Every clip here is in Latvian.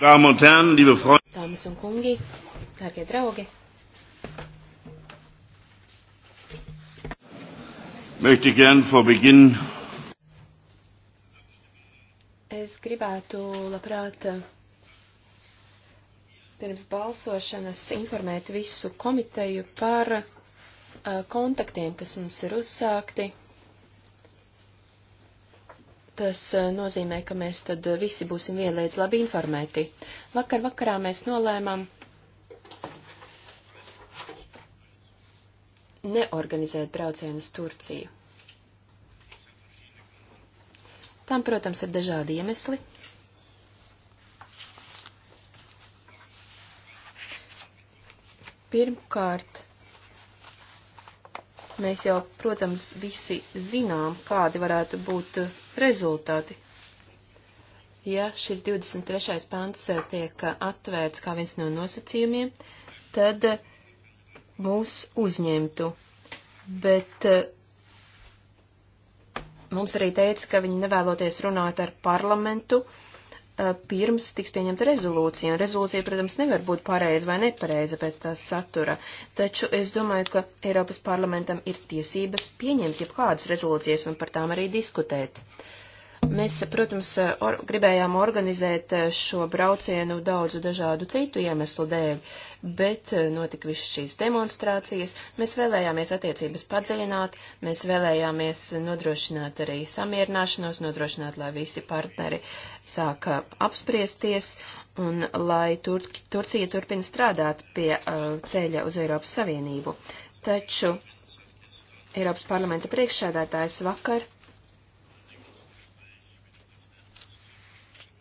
Damen und Herren, liebe Freunde. Dāmas un kungi, dārgie draugi. Möchte gern vor Beginn. Es gribētu labprāt pirms balsošanas informēt visu komiteju par eh, kontaktiem, kas mums ir uzsākti Tas eh, nozīmē, ka mēs tad eh, visi būsim vienlīdz labi informēti. Vakar vakarā mēs nolēmām neorganizēt braucienu uz Turciju. Tam, protams, ir dažādi iemesli. Pirmkārt, mēs jau, protams, visi zinām, kādi varētu būt rezultāti. Ja šis 23. pants eh, tiek eh, atvērts kā viens no nosacījumiem, tad eh, mūs uzņemtu. Bet mums arī teica, ka viņi nevēloties runāt ar parlamentu, Eh, pirms tiks pieņemta rezolūcija, un rezolūcija, protams, nevar būt pareiza vai nepareiza pēc tās satura, taču es domāju, ka Eiropas parlamentam ir tiesības pieņemt jebkādas rezolūcijas un par tām arī diskutēt. Uh, Mēs, protams, or gribējām organizēt eh, šo braucienu daudzu dažādu citu iemeslu dēļ, bet eh, notika visas šīs demonstrācijas. Mēs vēlējāmies attiecības padziļināt, mēs vēlējāmies nodrošināt arī samierināšanos, nodrošināt, lai visi partneri sāka apspriesties un lai Tur Turcija turpina strādāt pie uh, ceļa uz Eiropas Savienību. Taču Eiropas parlamenta priekšsēdētājs vakar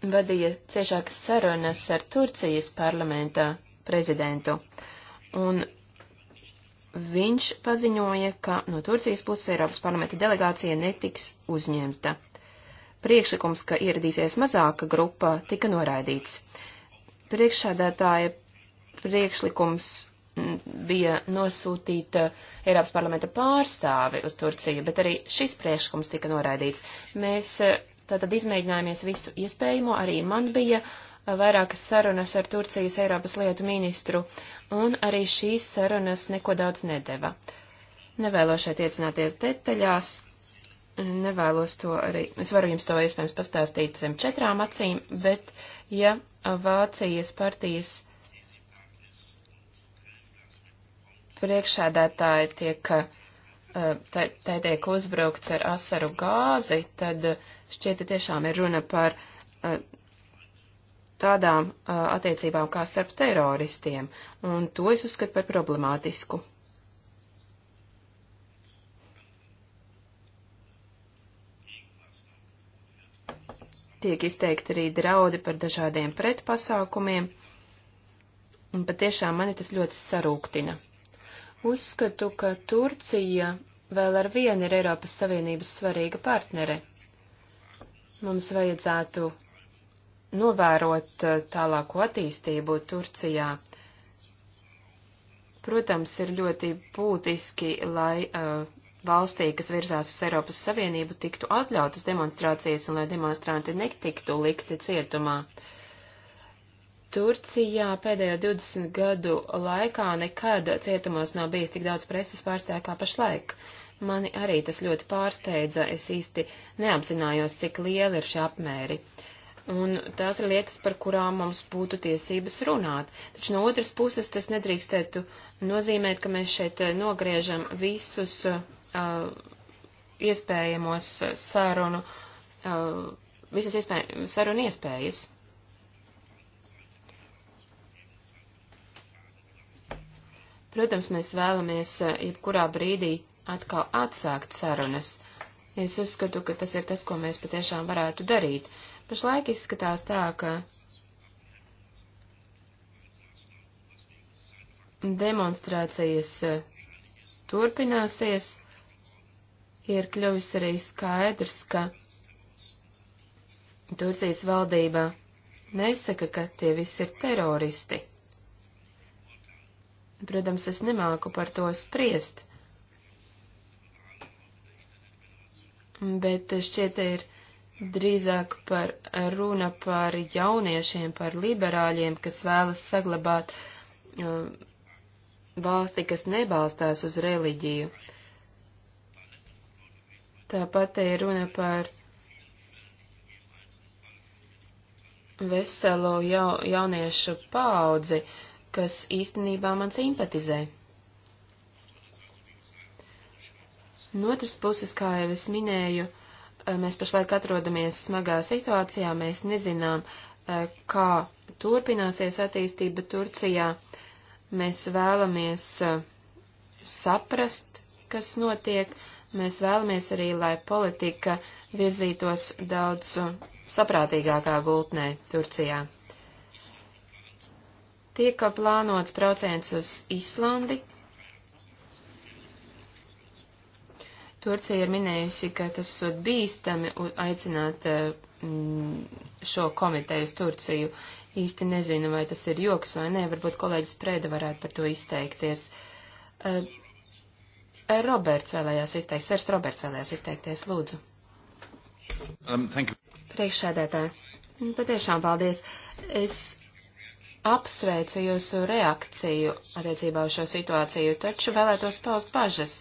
vadīja ciešākas sarunas ar Turcijas parlamenta prezidentu, un viņš paziņoja, ka no Turcijas puses Eiropas parlamenta delegācija netiks uzņemta. Priekšlikums, ka ieradīsies mazāka grupa, tika noraidīts. Priekšsādātāja priekšlikums bija nosūtīta Eiropas parlamenta pārstāvi uz Turciju, bet arī šis priekšlikums tika noraidīts. Mēs Tātad izmēģinājāmies visu iespējamo, arī man bija uh, vairākas sarunas ar Turcijas Eiropas lietu ministru, un arī šīs sarunas neko daudz nedeva. Nevēlos šeit iecināties detaļās, nevēlos to arī, es varu jums to iespējams pastāstīt zem četrām acīm, bet ja Vācijas partijas priekšādātāji tiek uh, tai tiek uzbrukts ar asaru gāzi, tad šķiet, tiešām ir runa par tādām attiecībām kā starp teroristiem, un to es uzskatu par problemātisku. Tiek izteikti arī draudi par dažādiem pretpasākumiem, un patiešām mani tas ļoti sarūktina. Uzskatu, ka Turcija vēl ar vienu ir Eiropas Savienības svarīga partnere. Mums vajadzētu novērot eh, tālāko attīstību Turcijā. Protams, ir ļoti būtiski, lai uh, valstī, kas virzās uz Eiropas Savienību, tiktu atļautas demonstrācijas un lai demonstranti netiktu likti cietumā. Uh, Turcijā pēdējo 20 gadu laikā nekad cietumos nav bijis tik daudz preses pārstāvju kā pašlaik. Mani arī tas ļoti pārsteidza, es īsti neapzinājos, cik lieli ir šie apmēri. Un tās ir lietas, par kurām mums būtu tiesības runāt. Taču no otras puses tas nedrīkstētu nozīmēt, ka mēs šeit nogriežam visus uh, iespējamos sarunu, uh, visas iespēj sarunu iespējas. Protams, mēs vēlamies eh, jebkurā brīdī atkal atsākt sarunas. Es uzskatu, ka tas ir tas, ko mēs patiešām varētu darīt. Pašlaik izskatās tā, ka demonstrācijas eh, turpināsies, ir kļuvis arī skaidrs, ka Turcijas valdība nesaka, ka tie visi ir teroristi. Protams, es nemāku par to spriest, bet šķiet ir drīzāk par runa par jauniešiem, par liberāļiem, kas vēlas saglabāt um, valsti, kas nebalstās uz reliģiju. Tāpat ir runa par veselo jau, jauniešu paudzi, uh, kas īstenībā man simpatizē. No otras puses, kā jau es minēju, eh, mēs pašlaik atrodamies smagā situācijā, mēs nezinām, eh, kā turpināsies attīstība Turcijā. Mēs vēlamies eh, saprast, kas notiek, mēs vēlamies arī, lai politika virzītos daudz saprātīgākā gultnē Turcijā. Tiek plānots brauciens uz Islandi. Turcija ir minējusi, ka tas ir bīstami aicināt eh, mm, šo komiteju uz Turciju. Īsti nezinu, vai tas ir joks vai nē, varbūt kolēģis Prēda varētu par to izteikties. Eh, Roberts vēlējās izteikt, Sers Roberts vēlējās izteikties, lūdzu. Um, Priekšsēdētāji, patiešām paldies. Es apsveicu jūsu reakciju attiecībā uz šo situāciju, taču vēlētos paust bažas.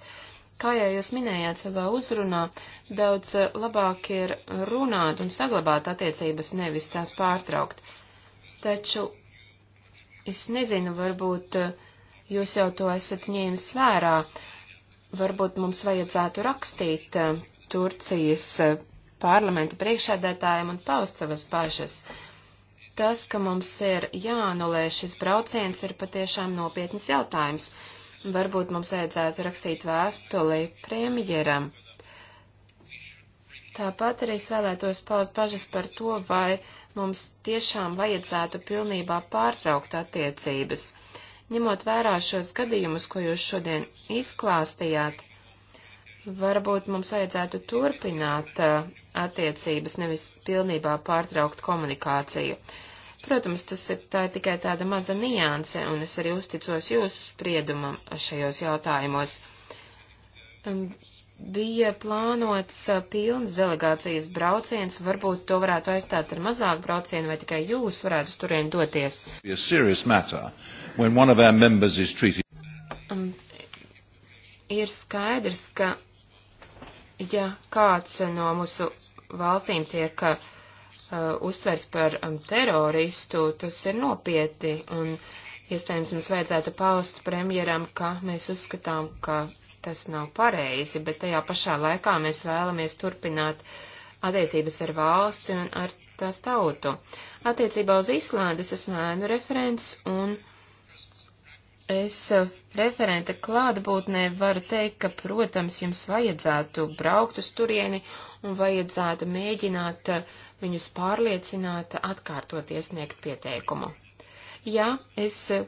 Kā jau jūs minējāt savā uzrunā, daudz labāk ir runāt un saglabāt attiecības, nevis tās pārtraukt. Taču es nezinu, varbūt jūs jau to esat ņēmis vērā. Varbūt mums vajadzētu rakstīt eh, Turcijas eh, parlamenta priekšēdētājiem un paust savas bažas. Uh, Tas, ka mums ir jāanulē šis brauciens, ir patiešām nopietnas jautājums. Varbūt mums vajadzētu rakstīt vēstuli premjeram. Tāpat arī es vēlētos paust bažas par to, vai mums tiešām vajadzētu pilnībā pārtraukt attiecības. Ņemot vērā šos gadījumus, ko jūs šodien izklāstījāt, varbūt mums vajadzētu turpināt uh, attiecības, nevis pilnībā pārtraukt komunikāciju. Protams, tas ir, tā ir tikai tāda maza nianse, un es arī uzticos jūsu spriedumam šajos jautājumos. Um, bija plānots uh, pilns delegācijas brauciens, varbūt to varētu aizstāt ar mazāku braucienu, vai tikai jūs varētu uz turien doties. Um, ir skaidrs, ka ja kāds no mūsu valstīm tiek uh, uztvers par um, teroristu, tas ir nopietni, un iespējams mums vajadzētu paust premjeram, ka mēs uzskatām, ka tas nav pareizi, bet tajā pašā laikā mēs vēlamies turpināt attiecības ar valsti un ar tās tautu. Attiecībā uz Islandes esmu ēnu referents un. Uh, Es eh, referenta klātbūtnē varu teikt, ka, protams, jums vajadzētu braukt uz turieni un vajadzētu mēģināt eh, viņus pārliecināt, atkārtot iesniegt pieteikumu. Jā, es eh,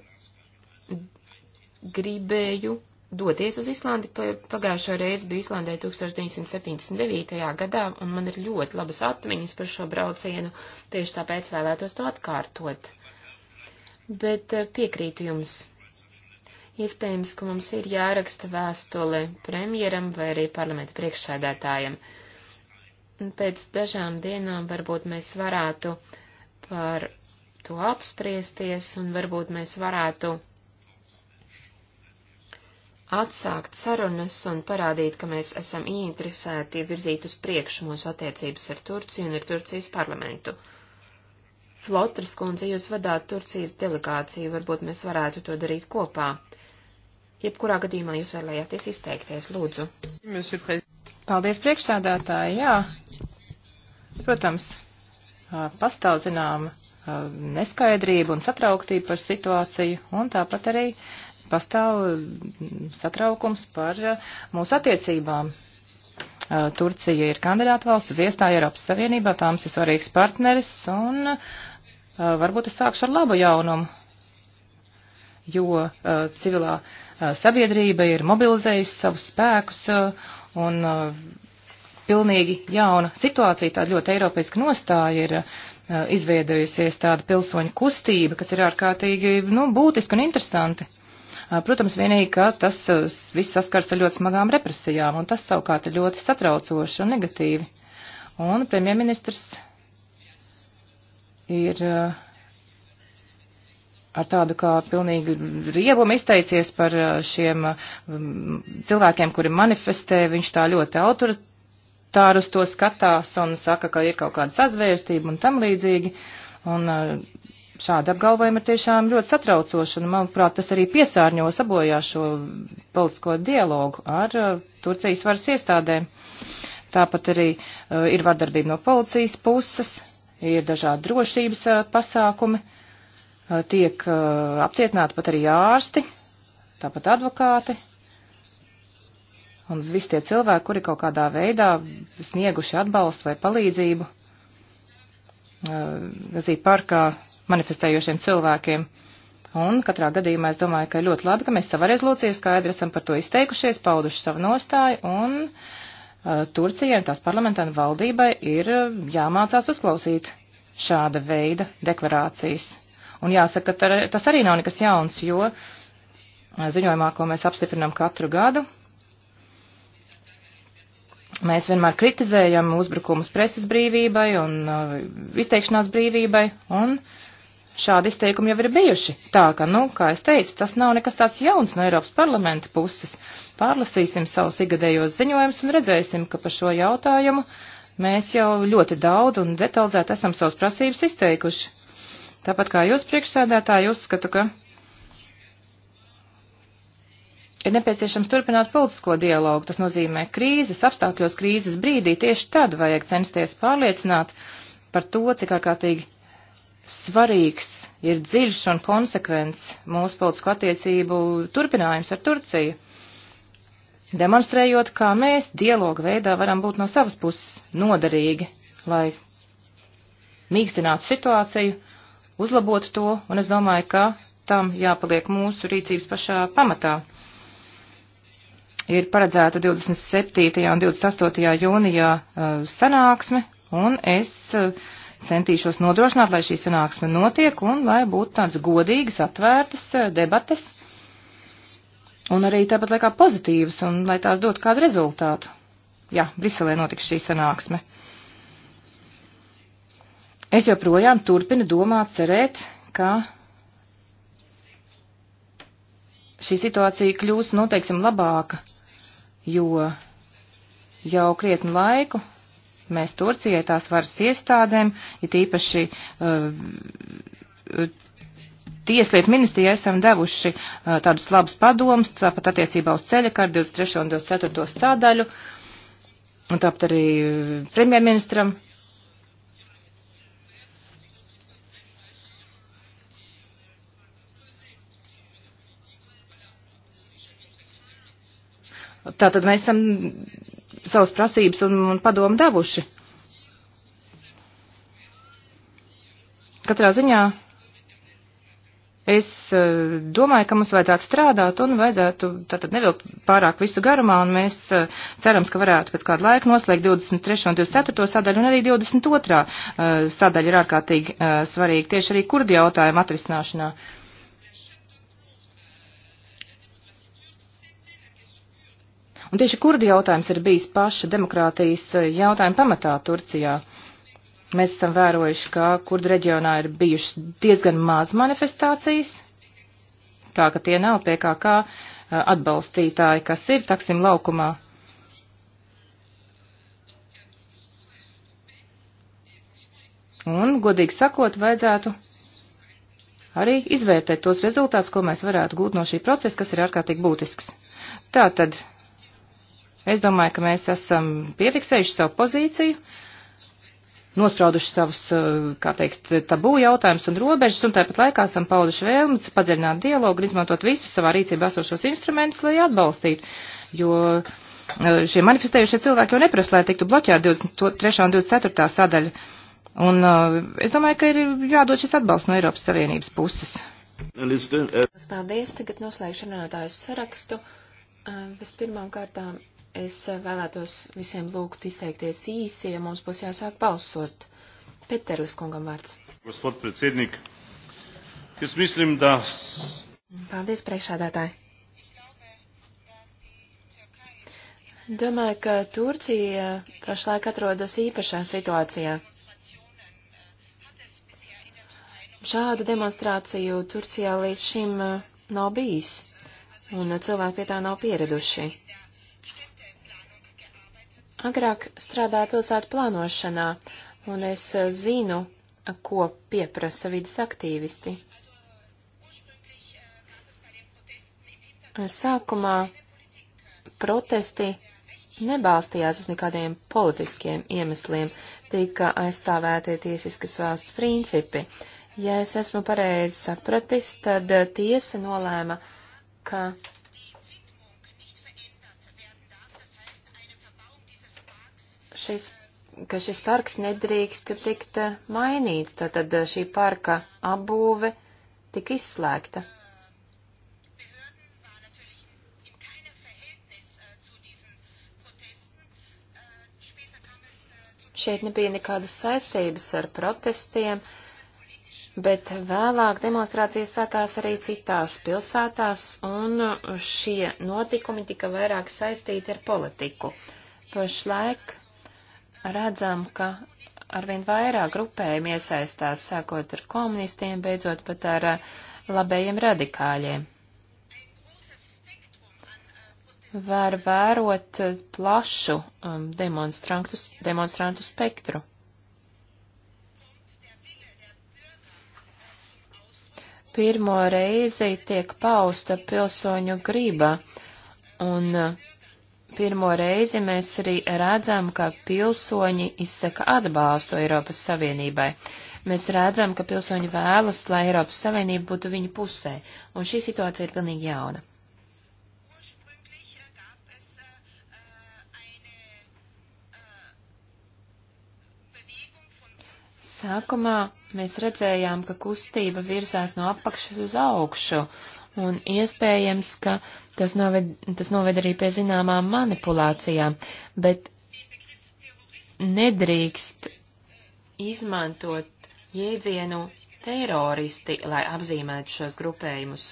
gribēju doties uz Islandi, pagājušo reizi biju Islandē 1979. gadā, un man ir ļoti labas atmiņas par šo braucienu, tieši tāpēc vēlētos to atkārtot. Bet piekrītu jums Iespējams, ka mums ir jāraksta vēstule premjeram vai arī parlamenta priekšsēdētājam. Pēc dažām dienām varbūt mēs varētu par to apspriesties un varbūt mēs varētu atsākt sarunas un parādīt, ka mēs esam ieinteresēti virzīt uz priekšu mūsu attiecības ar Turciju un ar Turcijas parlamentu. Flotras kundze, jūs vadāt Turcijas delegāciju, varbūt mēs varētu to darīt kopā. Jebkurā gadījumā jūs vēlējāties izteikties, lūdzu. Paldies priekšsādātāji, jā. Protams, pastāv zināma neskaidrība un satrauktība par situāciju, un tāpat arī pastāv satraukums par mūsu attiecībām. Turcija ir kandidāta valsts uz iestāju Eiropas Savienībā, tāms ir svarīgs partneris, un varbūt es sākšu ar labu jaunumu, jo civilā uh, Uh, sabiedrība ir mobilizējusi savus spēkus uh, un uh, pilnīgi jauna situācija, tāda ļoti eiropeiska nostāja ir izveidojusies tāda pilsoņu kustība, kas ir ārkārtīgi, nu, būtiski un interesanti. Protams, vienīgi, ka tas viss saskars ar ļoti smagām represijām, un tas savukārt ir ļoti satraucoši un negatīvi. Un premjerministrs ir uh, ar tādu kā pilnīgi riebumu izteicies par uh, šiem um, cilvēkiem, kuri manifestē, viņš tā ļoti autoritāri uz to skatās un saka, ka ir kaut kāda sazvērstība un tam līdzīgi. Un uh, šādi apgalvojumi ir tiešām ļoti satraucoši, un manuprāt, tas arī piesārņo sabojā šo politisko dialogu ar uh, Turcijas varas iestādēm. Tāpat arī ir vardarbība no policijas puses, ir dažādi drošības pasākumi. Uh, Eh, tiek eh, apcietināti pat arī ārsti, tāpat advokāti. Un visi tie cilvēki, kuri kaut kādā veidā snieguši atbalstu vai palīdzību eh, Gazīt parkā manifestējošiem cilvēkiem. Un katrā gadījumā es domāju, ka ļoti labi, ka mēs savā rezolūcijā skaidri esam par to izteikušies, pauduši savu nostāju un uh, Turcijai un tās parlamentā un valdībai ir jāmācās uzklausīt šāda veida deklarācijas. Un jāsaka, tas arī nav nekas jauns, jo ziņojumā, ko mēs apstiprinām katru gadu, mēs vienmēr kritizējam uzbrukumus preses brīvībai un uh, izteikšanās brīvībai, un šādi izteikumi jau ir bijuši. Tā ka, nu, kā es teicu, tas nav nekas tāds jauns no Eiropas parlamenta puses. Pārlasīsim savus igadējos ziņojumus un redzēsim, ka par šo jautājumu mēs jau ļoti daudz un detalizēti esam savus prasības izteikuši. Tāpat kā jūs priekšsēdētāji, uzskatu, ka ir nepieciešams turpināt politisko dialogu. Tas nozīmē krīzes apstākļos, krīzes brīdī tieši tad vajag censties pārliecināt par to, cik ārkārtīgi svarīgs ir dziļš un konsekvents mūsu politisko attiecību turpinājums ar Turciju. Demonstrējot, kā mēs dialogu veidā varam būt no savas puses noderīgi, lai mīkstinātu situāciju uzlabot to, un es domāju, ka tam jāpaliek mūsu rīcības pašā pamatā. Ir paredzēta 27. un 28. jūnijā uh, sanāksme, un es uh, centīšos nodrošināt, lai šī sanāksme notiek un lai būtu tāds godīgas, atvērtas uh, debates, un arī tāpat laikā pozitīvas, un lai tās dot kādu rezultātu. Jā, Briselē notiks šī sanāksme. Es joprojām turpinu domāt, cerēt, ka šī situācija kļūs noteiksim nu, labāka, jo jau krietnu laiku mēs Turcijai tās varas iestādēm, ir īpaši uh, Tieslietu ministrijai esam devuši uh, tādus labus padomus, tāpat attiecībā uz ceļa kārtu 23. un 24. sādaļu, un tāpat arī uh, premjerministram Tātad mēs esam savas prasības un, un padomu devuši. Katrā ziņā es eh, domāju, ka mums vajadzētu strādāt un vajadzētu tātad nevilkt pārāk visu garumā, un mēs eh, cerams, ka varētu pēc kāda laika noslēgt 23. un 24. sadaļu, un arī 22. Eh, sadaļa ir ārkārtīgi svarīga tieši arī kurdu jautājumu atrisināšanā. Uh, Un tieši kurdi jautājums ir bijis paša demokrātijas eh, jautājuma pamatā Turcijā. Mēs esam vērojuši, ka kurdu reģionā ir bijušas diezgan maz manifestācijas, tā ka tie nav PKK eh, atbalstītāji, kas ir taksim laukumā. Un, godīgi sakot, vajadzētu arī izvērtēt tos rezultātus, ko mēs varētu gūt no šī procesa, kas ir ārkārtīgi būtisks. Tātad Es domāju, ka mēs esam piefiksējuši savu pozīciju, nosprauduši savus, eh, kā teikt, tabū jautājumus un robežas, un tāpat laikā esam pauduši vēlmi padziļināt dialogu un izmantot visus savā rīcībā esošos instrumentus, lai atbalstītu, jo eh, šie manifestējušie cilvēki jau neprasa, lai tiktu bloķēta 23. un 24. sadaļa. Un uh, es domāju, ka ir jādod šis atbalsts no Eiropas Savienības puses. Paldies, tagad noslēgšu runātājus sarakstu. Uh, vispirmām kārtām es vēlētos visiem lūgt izteikties īsi, ja mums būs jāsāk balsot. Peterlis kungam vārds. Gospod predsednik, es mislim, da... Paldies, priekšādātāji. Domāju, ka Turcija pašlaik atrodas īpašā situācijā. Šādu demonstrāciju Turcijā līdz šim eh, nav bijis, un cilvēki pie tā nav pieraduši agrāk strādāju pilsētu plānošanā, un es eh, zinu, ko pieprasa vidas aktīvisti. Sākumā protesti nebalstījās uz nekādiem politiskiem iemesliem, tika aizstāvēti tiesiskas valsts principi. Ja es esmu pareizi sapratis, tad tiesa nolēma, ka šis, ka šis parks nedrīkst tikt eh, mainīts, tātad eh, šī parka apbūve tika izslēgta. Šeit nebija nekādas saistības ar protestiem, bet vēlāk demonstrācijas sākās arī citās pilsētās, un šie notikumi tika vairāk saistīti ar politiku. Pašlaik redzam, ka arvien vairāk grupējumi iesaistās, sākot ar komunistiem, beidzot pat ar labējiem radikāļiem. Var vērot plašu demonstrantu spektru. Pirmo reizi tiek pausta pilsoņu griba, un uh, pirmo reizi mēs arī redzam, ka pilsoņi izsaka atbalstu Eiropas Savienībai. Mēs redzam, ka pilsoņi vēlas, lai Eiropas Savienība būtu viņu pusē, un šī situācija ir pilnīgi jauna. Sākumā mēs redzējām, ka kustība virzās no apakšas uz augšu, un iespējams, ka tas noved, tas noved arī pie zināmām manipulācijām, bet nedrīkst izmantot jēdzienu teroristi, lai apzīmētu šos grupējumus.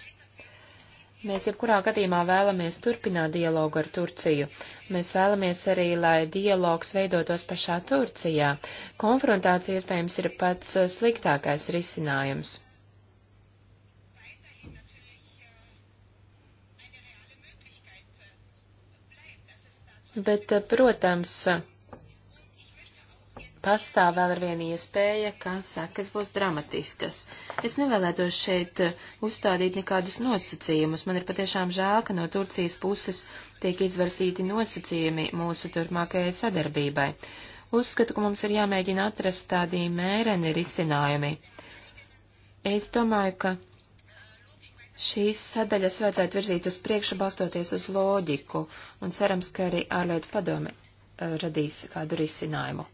Mēs jebkurā gadījumā vēlamies turpināt dialogu ar Turciju. Mēs vēlamies arī, lai dialogs veidotos pašā Turcijā. Konfrontācija iespējams ir pats eh, sliktākais risinājums. Bet, eh, protams, pastāv vēl ar vienu iespēju, ka sekas būs dramatiskas. Es nevēlētos šeit eh, uzstādīt nekādus nosacījumus. Man ir patiešām žēl, ka no Turcijas puses tiek izvarsīti nosacījumi mūsu turpmākajai sadarbībai. Uzskatu, ka mums ir jāmēģina atrast tādī mēreni risinājumi. Es domāju, ka Šīs sadaļas vajadzētu virzīt uz priekšu, balstoties uz loģiku, un cerams, ka arī ārlietu padome eh, radīs kādu risinājumu.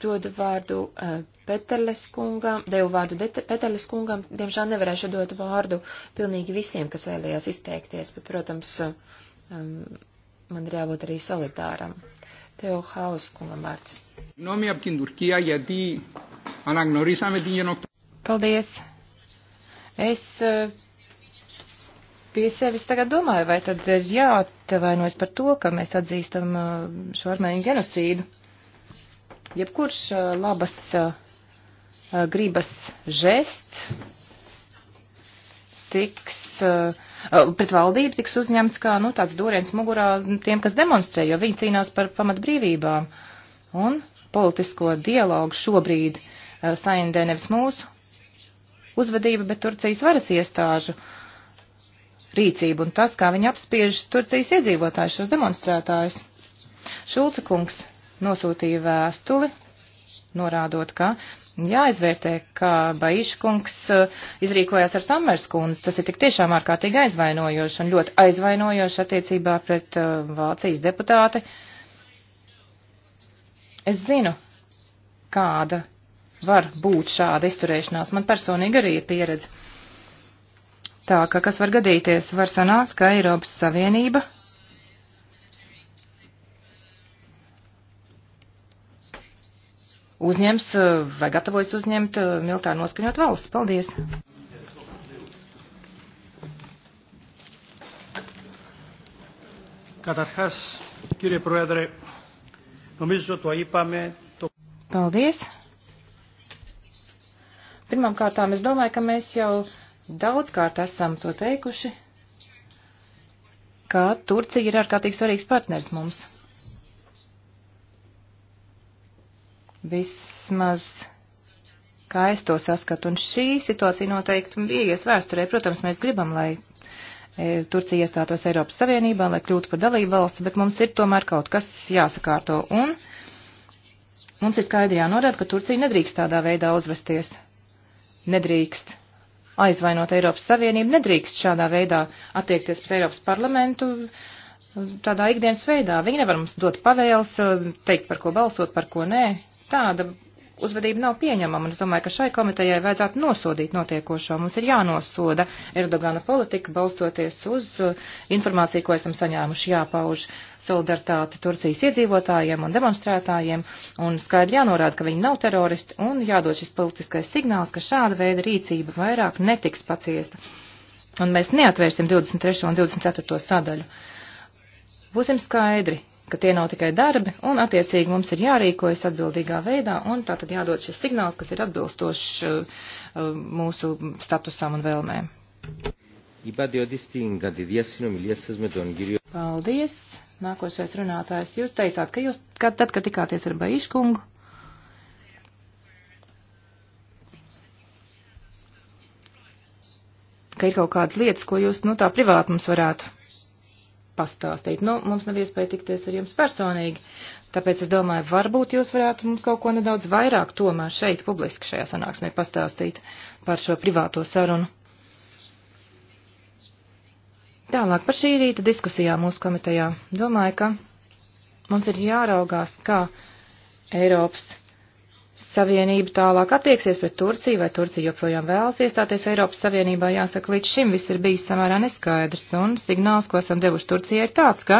Dodu vārdu eh, Peterles kungam, devu vārdu Peterles kungam, diemžēl nevarēšu dot vārdu pilnīgi visiem, kas vēlējās izteikties, bet, protams, um, man ir jābūt arī solidāram. Tev haus kungam vārds. Paldies! Es e, pie sevis tagad domāju, vai tad ir jāatvainojas par to, ka mēs atzīstam e, šo armēņu genocīdu. Jebkurš e, labas gribas žests tiks, pret valdību tiks uzņemts kā, nu, tāds dūriens mugurā tiem, kas demonstrē, jo viņi cīnās par pamatbrīvībām. Un politisko dialogu šobrīd saindē nevis mūsu uzvedība, bet Turcijas varas iestāžu rīcība un tas, kā viņi apspiež Turcijas iedzīvotājus, šos demonstrētājus. Šulca kungs nosūtīja vēstuli, norādot, ka jāizvērtē, ka Baiša kungs eh, izrīkojās ar Samers kundzi. Tas ir tik tiešām ārkārtīgi aizvainojoši un ļoti aizvainojoši attiecībā pret uh, Vācijas deputāti. Es zinu, kāda var būt šāda izturēšanās. Man personīgi arī ir pieredze. Tā ka kas var gadīties, var sanākt, ka Eiropas Savienība uzņems vai gatavojas uzņemt militāri noskaņot valsts. Paldies! Καταρχάς, κύριε Πρόεδρε, νομίζω το είπαμε. Το... Paldies. Pirmkārtām, es domāju, ka mēs jau daudzkārt esam to teikuši, ka Turcija ir ārkārtīgi svarīgs partners mums. Vismaz kā es to saskatu, un šī situācija noteikti ieies vēsturē. Protams, mēs gribam, lai e, Turcija iestātos Eiropas Savienībā, lai kļūtu par dalību valsti, bet mums ir tomēr kaut kas jāsakārto. Un mums ir skaidri jānorāda, ka Turcija nedrīkst tādā veidā uzvesties nedrīkst aizvainot Eiropas Savienību, nedrīkst šādā veidā attiekties pret Eiropas parlamentu tādā ikdienas veidā. Viņi nevar mums dot pavēles, teikt par ko balsot, par ko nē. Tāda uzvedība nav pieņemama, un es domāju, ka šai komitejai vajadzētu nosodīt notiekošo. Mums ir jānosoda Erdogana politika, balstoties uz uh, informāciju, ko esam saņēmuši, jāpauž solidaritāti Turcijas iedzīvotājiem un demonstrētājiem, un skaidri jānorāda, ka viņi nav teroristi, un jādod šis politiskais signāls, ka šāda veida rīcība vairāk netiks paciesta. Un mēs neatvērsim 23. un 24. sadaļu. Būsim skaidri, ka tie nav tikai darbi, un attiecīgi mums ir jārīkojas atbildīgā veidā, un tā tad jādod šis signāls, kas ir atbilstošs uh, mūsu statusam un vēlmēm. Paldies! Nākošais runātājs, jūs teicāt, ka jūs, kad, tad, kad tikāties ar Baiškungu, ka ir kaut kādas lietas, ko jūs, nu, tā privāti mums varētu pastāstīt. Nu, mums nav iespēja tikties ar jums personīgi, tāpēc es domāju, varbūt jūs varētu mums kaut ko nedaudz vairāk tomēr šeit publiski šajā sanāksmē pastāstīt par šo privāto sarunu. Tālāk par šī rīta diskusijā mūsu komitejā. Domāju, ka mums ir jāraugās, kā Eiropas Savienība tālāk attieksies pret Turciju, vai Turcija joprojām vēlas iestāties Eiropas Savienībā, jāsaka, līdz šim viss ir bijis samērā neskaidrs, un signāls, ko esam devuši Turcijai, ir tāds, ka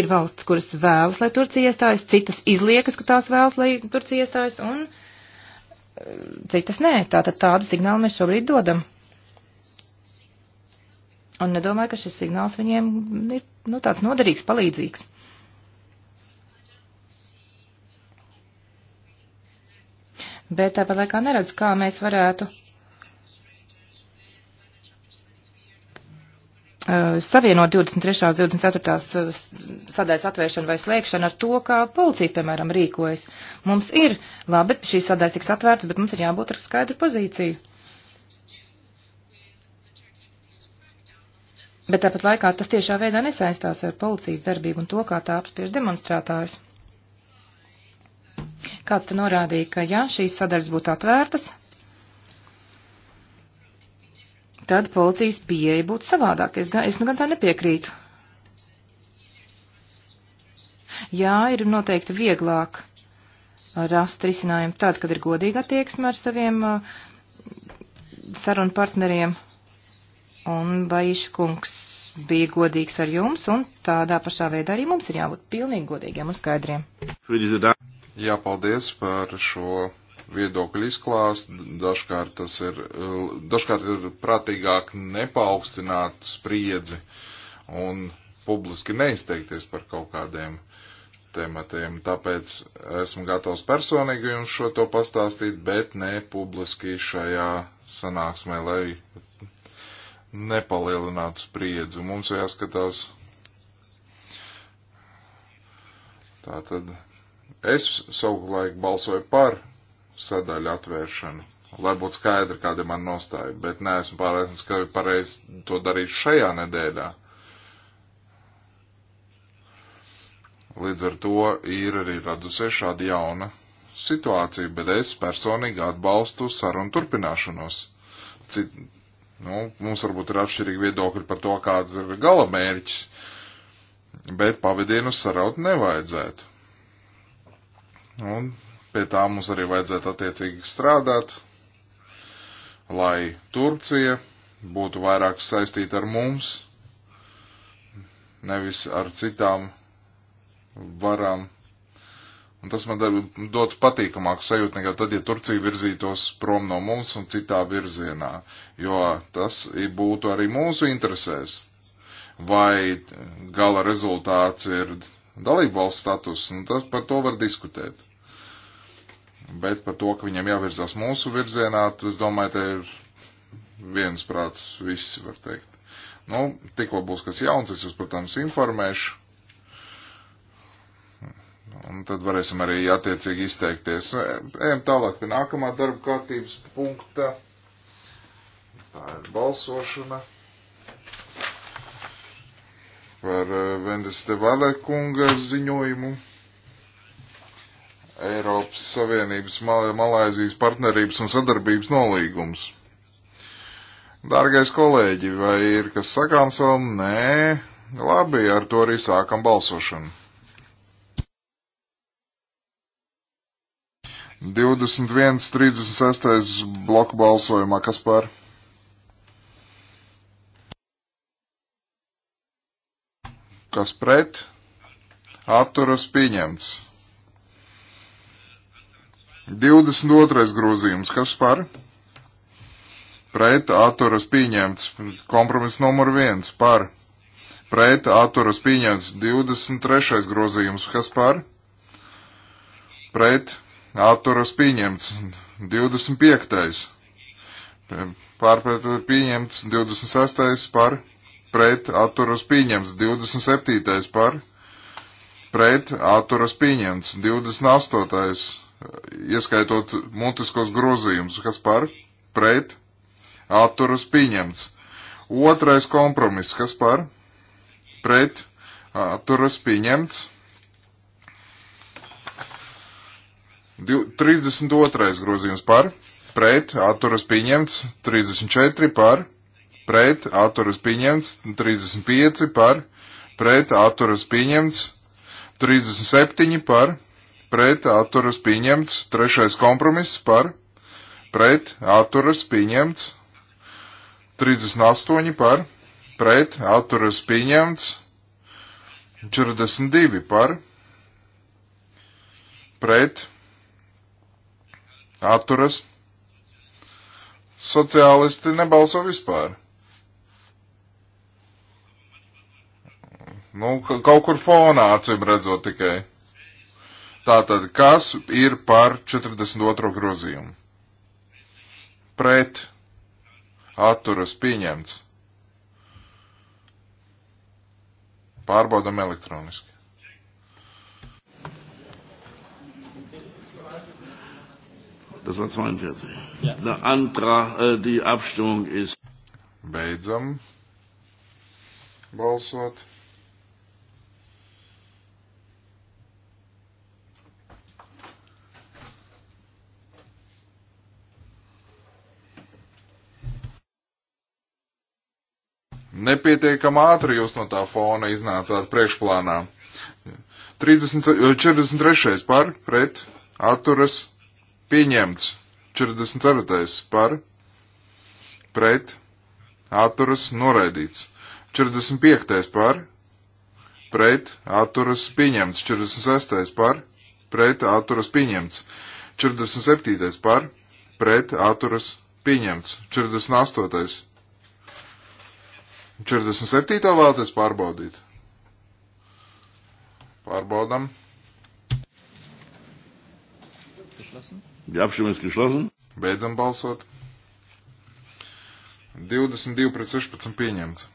ir valsts, kuras vēlas, lai Turcija iestājas, citas izliekas, ka tās vēlas, lai Turcija iestājas, un eh, citas nē. Tātad tādu signālu mēs šobrīd dodam. Un nedomāju, ka šis signāls viņiem ir, nu, tāds noderīgs, palīdzīgs. bet tāpat laikā neredz, kā mēs varētu uh, savienot 23. un 24. sadaļas atvēršanu vai slēgšanu ar to, kā policija, piemēram, rīkojas. Mums ir labi, šīs sadaļas tiks atvērtas, bet mums ir jābūt ar skaidru pozīciju. Bet tāpat laikā tas tiešā veidā nesaistās ar policijas darbību un to, kā tā apspiež demonstrētājus. Kāds te norādīja, ka ja šīs sadaļas būtu atvērtas, tad policijas pieeja būtu savādāk. Es, es nu gan tā nepiekrītu. Jā, ir noteikti vieglāk rast risinājumu tad, kad ir godīga attieksme ar saviem uh, sarunu partneriem. Un Baiša kungs bija godīgs ar jums, un tādā pašā veidā arī mums ir jābūt pilnīgi godīgiem un skaidriem. Jāpaldies par šo viedokļu izklāst. Dažkārt tas ir, dažkārt ir prātīgāk nepaukstināt spriedzi un publiski neizteikties par kaut kādiem tematiem. Tāpēc esmu gatavs personīgi jums šo to pastāstīt, bet ne publiski šajā sanāksmē, lai nepalielinātu spriedzi. Mums jāskatās. Tātad Es savulaik balsoju par sadaļu atvēršanu, lai būtu skaidri, kāda ir mana nostāja, bet neesmu pārliecināts, ka pareizi to darīt šajā nedēļā. Līdz ar to ir arī radusies šāda jauna situācija, bet es personīgi atbalstu sarunu turpināšanos. Cit, nu, mums varbūt ir atšķirīgi viedokļi par to, kāds ir gala mērķis, bet pavadienus saraut nevajadzētu. Un pie tā mums arī vajadzētu attiecīgi strādāt, lai Turcija būtu vairāk saistīta ar mums, nevis ar citām varām. Un tas man dotu patīkamāku sajūtu nekā tad, ja Turcija virzītos prom no mums un citā virzienā, jo tas būtu arī mūsu interesēs. Vai gala rezultāts ir dalību valsts status, nu tas par to var diskutēt bet par to, ka viņam jāvirzās mūsu virzienā, es domāju, te ir viens prāts viss, var teikt. Nu, tikko būs kas jauns, es jūs, protams, informēšu. Un tad varēsim arī attiecīgi izteikties. Ejam tālāk pie nākamā darba kārtības punkta. Tā ir balsošana par eh, Vendes Tevale kunga ziņojumu. Eiropas Savienības Malaisijas partnerības un sadarbības nolīgums. Dārgais kolēģi, vai ir kas sakāms vēl? Nē. Labi, ar to arī sākam balsošanu. 21, 36 bloku balsojumā, kas par? Kas pret? Atturas pieņemts. 22. grozījums, kas par? Pret atturas pieņemts. Kompromiss numur 1 par. Pret atturas pieņemts. 23. grozījums, kas par? Pret atturas pieņemts. 25. Pārpret pieņemts 26. par, pret atturas pieņemts 27. par, pret atturas pieņemts 28 ieskaitot mutiskos grozījumus, kas par pret atturas pieņemts. Otrais kompromiss, kas par pret atturas pieņemts. 32. grozījums par pret atturas pieņemts, 34 par pret atturas pieņemts, 35 par pret atturas pieņemts, 37 par pret pret atturas pieņemts, trešais kompromiss par pret atturas pieņemts, 38 par pret atturas pieņemts, 42 par pret atturas. Sociālisti nebalso vispār. Nu, kaut kur fonā acīm redzot tikai. Tātad, kas ir par 42. grozījumu? Pret atturas pieņemts. Pārbaudam elektroniski. Das war 42. Ja. Der Antrag, äh, die Abstimmung ist. Beidzam. Balsot. nepietiekam ātri jūs no tā fona iznācāt priekšplānā. 30, 43. Eh, par, pret, atturas, pieņemts. 44. par, pret, atturas, noraidīts. 45. par, pret, atturas, pieņemts. 46. par, pret, atturas, pieņemts. 47. par, pret, atturas, pieņemts. 48. 47. vēlaties pārbaudīt? Pārbaudam. Die Abstimmung ist geschlossen. Beidzam balsot. 22 pret 16 pieņemts.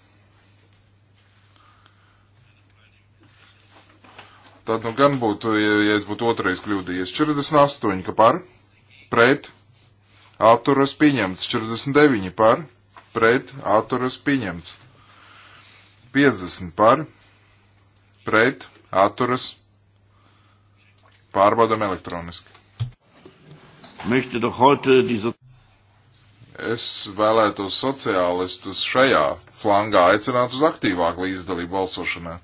Tad nu gan būtu, ja, ja es būtu otrais kļūdījies. 48 par, pret, atturas pieņemts. 49 par, pret, atturas pieņemts. 50 par, pret, atturas, pārbaudam elektroniski. Es vēlētos sociālistus šajā flangā aicināt uz aktīvāku līdzdalību balsošanā.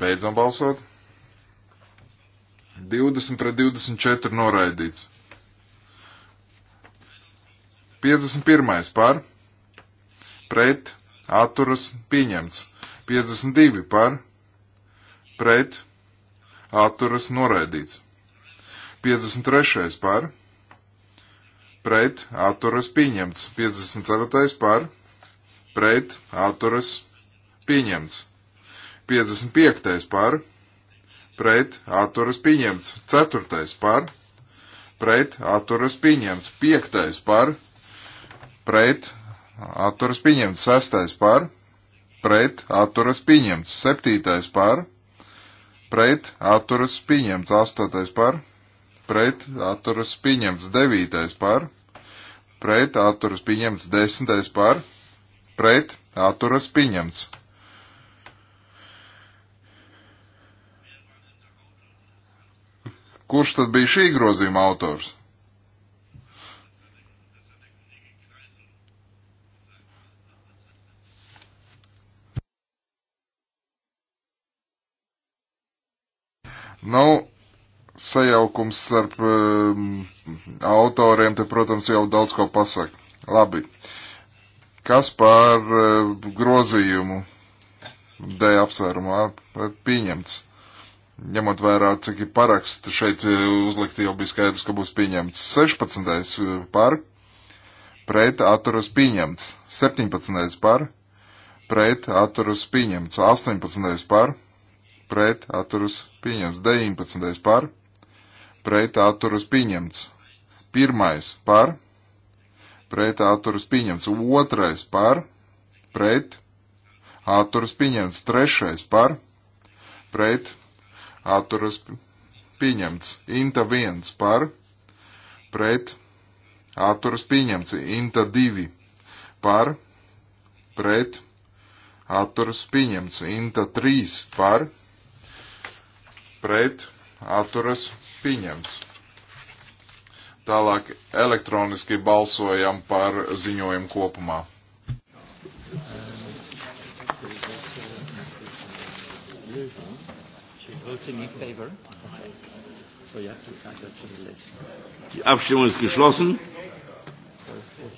Beidzam balsot. 20 pret 24 noraidīts. 51. par pret, atturas, pieņemts. 52 par, pret, atturas, noraidīts. 53 par, pret, atturas, pieņemts. 54 par, pret, atturas, pieņemts. 55 par, pret, atturas, pieņemts. 4 par, pret, atturas, pieņemts. 5 par, pret, atturas pieņemts. Sestais par, pret, atturas pieņemts. Septītais par, pret, atturas pieņemts. Astotais par, pret, atturas pieņemts. Devītais par, pret, atturas pieņemts. Desmitais par, pret, atturas pieņemts. Kurš tad bija šī grozījuma autors? Nav sajaukums starp um, autoriem, te, protams, jau daudz ko pasaka. Labi. Kas par uh, grozījumu D apsvērumā pieņemts? Ņemot vērā, cik ir paraksti šeit eh, uzlikti, jau bija skaidrs, ka būs pieņemts 16. Eh, par, pret atturas pieņemts 17. par, pret atturas pieņemts 18. par, pret atturas pieņemts. 19. par pret atturas pieņemts. 1. par pret atturas pieņemts. 2. par pret atturas pieņemts. 3. par pret atturas pieņemts. Inta 1 par pret atturas pieņemts. Inta 2 par pret atturas pieņemts. Inta 3 par pret pret atturas pieņemts. Tālāk elektroniski balsojam par ziņojumu kopumā. Die Abstimmung ist geschlossen.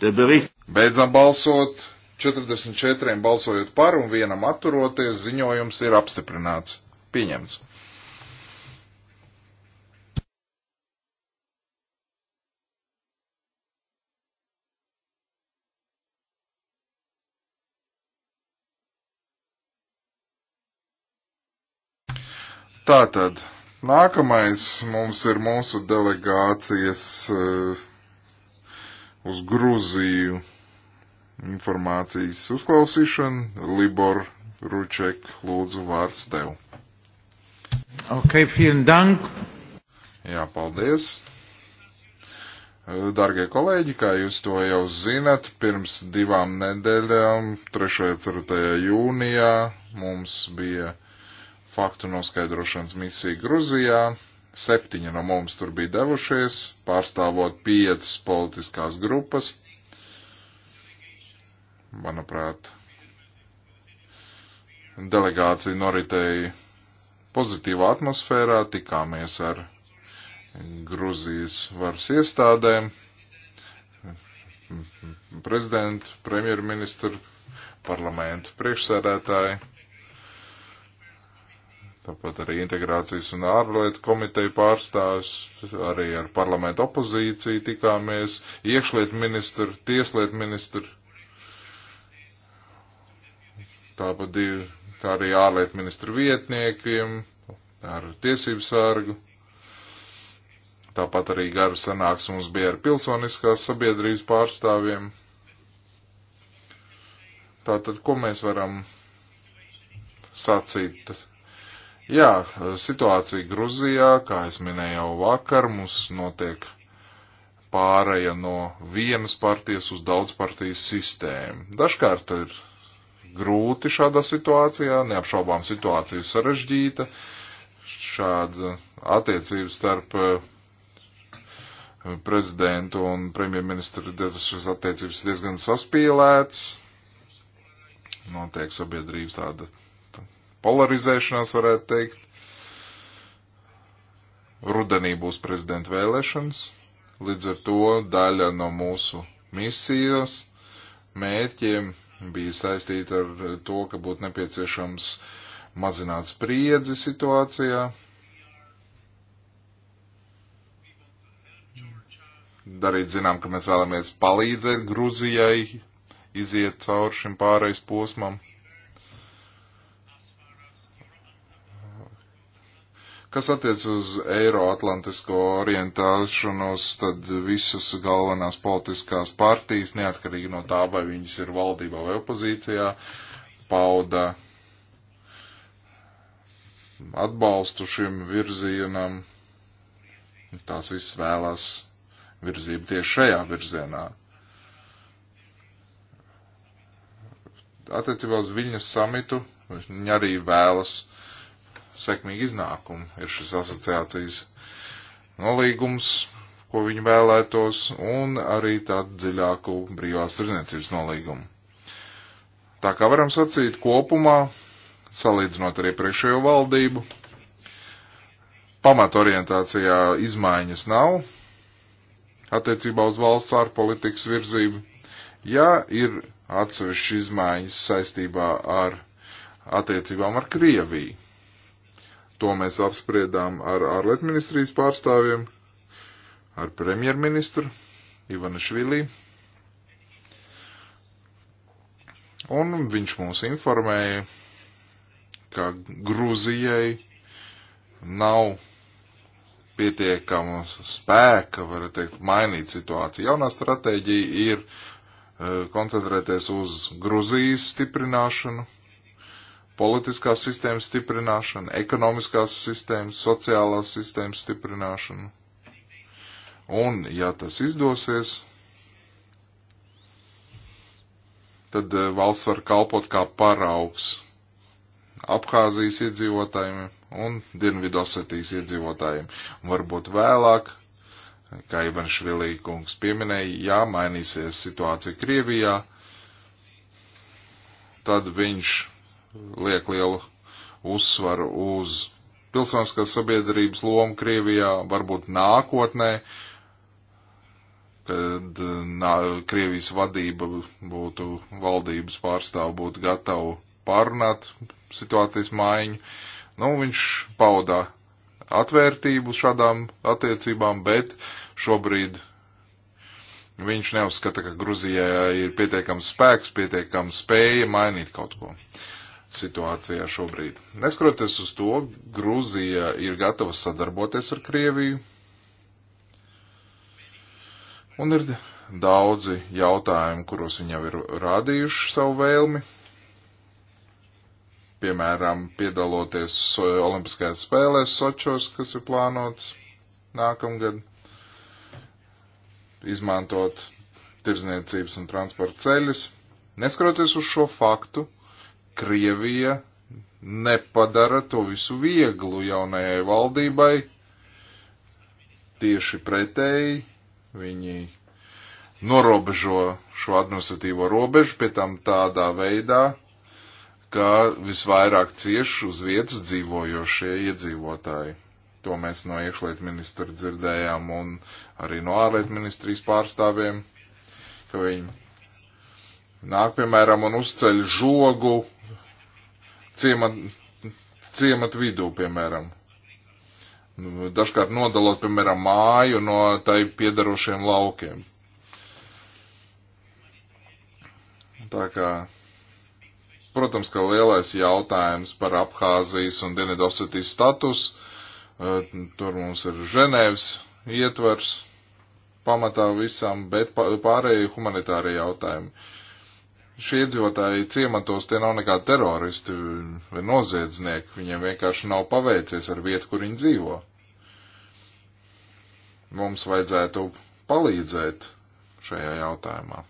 Der Bericht. Beidzam balsot. 44 balsojot par un vienam atturoties, ziņojums ir apstiprināts. Pieņemts. Tātad, nākamais mums ir mūsu delegācijas eh, uz Gruziju informācijas uzklausīšana. Libor Ruček, lūdzu, vārds tev. Ok, vielen dank. Jā, paldies. Dargie kolēģi, kā jūs to jau zinat, pirms divām nedēļām, 3. un 4. jūnijā, mums bija faktu noskaidrošanas misiju Gruzijā. Septiņi no mums tur bija devušies, pārstāvot piecas politiskās grupas. Manuprāt, delegācija noritēja pozitīvā atmosfērā, tikāmies ar Gruzijas varas iestādēm, prezidentu, premjerministru, parlamentu priekšsēdētāju Tāpat arī integrācijas un ārlietu komiteju pārstāvis, arī ar parlamentu opozīciju tikāmies, iekšlietu ministru, tieslietu ministru. Tāpat divi, tā arī ārlietu ministru vietniekiem, ar tiesību sārgu. Tāpat arī gara sanāksme mums bija ar pilsoniskās sabiedrības pārstāvjiem. Tātad, ko mēs varam sacīt Jā, situācija Gruzijā, kā es minēju jau vakar, mums notiek pāreja no vienas partijas uz daudzpartijas sistēmu. Dažkārt ir grūti šādā situācijā, neapšaubām situācija sarežģīta, šāda attiecības starp eh, prezidentu un premjerministru šis attiecības diezgan saspīlēts, notiek sabiedrības tāda polarizēšanās, varētu teikt. Rudenī būs prezidenta vēlēšanas, līdz ar to daļa no mūsu misijas mērķiem bija saistīta ar to, ka būtu nepieciešams mazināt spriedzi situācijā. Darīt zinām, ka mēs vēlamies palīdzēt Gruzijai iziet cauri šim pārejas posmam. Kas attiec uz Eiroatlantisko orientāšanos, tad visas galvenās politiskās partijas, neatkarīgi no tā, vai viņas ir valdībā vai opozīcijā, pauda atbalstu šim virzienam. Tās visas vēlas virzību tieši šajā virzienā. Attiecībā uz viņas samitu viņi arī vēlas sekmīgi iznākumi ir šis asociācijas nolīgums, ko viņi vēlētos, un arī tādu dziļāku brīvās tirdzniecības nolīgumu. Tā kā varam sacīt kopumā, salīdzinot ar iepriekšējo valdību, pamatorientācijā izmaiņas nav attiecībā uz valsts ārpolitikas virzību. Ja ir atsevišķi izmaiņas saistībā ar attiecībām ar Krieviju, To mēs apspriedām ar ārlietu ministrijas pārstāvjiem, ar premjerministru Ivanu Švilī. Un viņš mūs informēja, ka Grūzijai nav pietiekama spēka, var teikt, mainīt situāciju. Jaunā stratēģija ir eh, koncentrēties uz Grūzijas stiprināšanu politiskās sistēmas stiprināšana, ekonomiskās sistēmas, sociālās sistēmas stiprināšana. Un, ja tas izdosies, tad eh, valsts var kalpot kā paraugs Abhāzijas iedzīvotājiem un Dienvidosetijas iedzīvotājiem. Un varbūt vēlāk, kā Ivanšvilī kungs pieminēja, jā, mainīsies situācija Krievijā, tad viņš liek lielu uzsvaru uz pilsoniskās sabiedrības lomu Krievijā, varbūt nākotnē, kad eh, nā, Krievijas vadība būtu, valdības pārstāv būtu gatavu pārunāt situācijas maiņu. Nu, viņš paudā atvērtību šādām attiecībām, bet šobrīd viņš neuzskata, ka Gruzijā ir pietiekams spēks, pietiekams spēja mainīt kaut ko. Uh, situācijā šobrīd. Neskroties uz to, Grūzija ir gatava sadarboties ar Krieviju. Un ir daudzi jautājumi, kuros viņi jau ir rādījuši savu vēlmi. Piemēram, piedaloties Olimpiskajās spēlēs Sočos, kas ir plānots nākamgad, izmantot tirzniecības un transporta ceļus. Neskatoties uz šo faktu, Krievija nepadara to visu vieglu jaunajai valdībai. Tieši pretēji viņi norobežo šo administratīvo robežu, pie tam tādā veidā, ka visvairāk cieši uz vietas dzīvojošie iedzīvotāji. To mēs no iekšlietu ministra dzirdējām un arī no ārlietu ministrijas pārstāvjiem, ka viņi nāk, piemēram, un uzceļ žogu ciemat, ciemat vidū, piemēram. Nu, dažkārt nodalot, piemēram, māju no tai piedarošiem laukiem. Tā kā, protams, ka lielais jautājums par Abhāzijas un Dienvidosetijas status, e, tur mums ir Ženēvs ietvers pamatā visam, bet pārējie humanitārie jautājumi šie iedzīvotāji ciematos tie nav nekādi teroristi vai noziedznieki, viņiem vienkārši nav paveicies ar vietu, kur viņi dzīvo. Mums vajadzētu palīdzēt šajā jautājumā.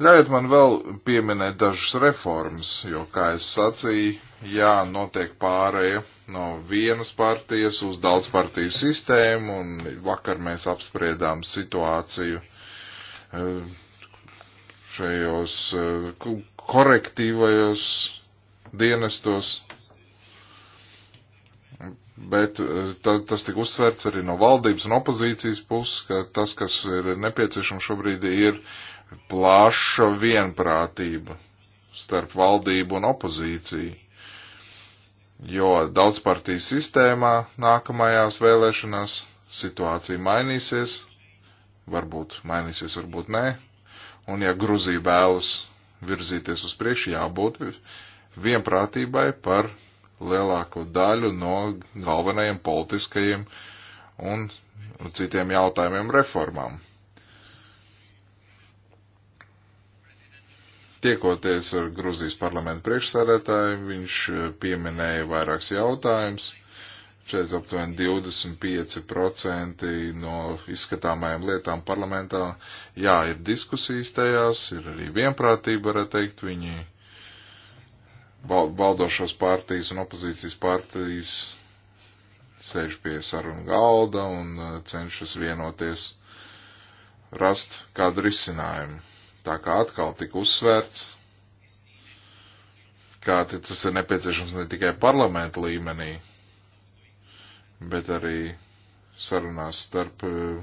Ļaujiet man vēl pieminēt dažas reformas, jo, kā es sacīju, jā, notiek pārēja no vienas partijas uz daudz partiju sistēmu, un vakar mēs apspriedām situāciju uh, šajos eh, korektīvajos dienestos, bet eh, tā, tas tika uzsvērts arī no valdības un opozīcijas puses, ka tas, kas ir nepieciešams šobrīd, ir plaša vienprātība starp valdību un opozīciju. Jo daudzpartijas sistēmā nākamajās vēlēšanās situācija mainīsies, varbūt mainīsies, varbūt nē, Un ja Gruzija vēlas virzīties uz priekšu, jābūt vienprātībai par lielāko daļu no galvenajiem politiskajiem un citiem jautājumiem reformām. Tiekoties ar Gruzijas parlamentu priekšsēdētāju, viņš pieminēja vairākas jautājumas šeit aptuveni 25% no izskatāmajām lietām parlamentā. Jā, ir diskusijas tajās, ir arī vienprātība, varētu teikt, viņi baldošos partijas un opozīcijas partijas sēž pie sarunu galda un uh, cenšas vienoties rast kādu risinājumu. Tā kā atkal tika uzsvērts, kā tas ir nepieciešams ne tikai parlamentu līmenī, bet arī sarunās starp eh,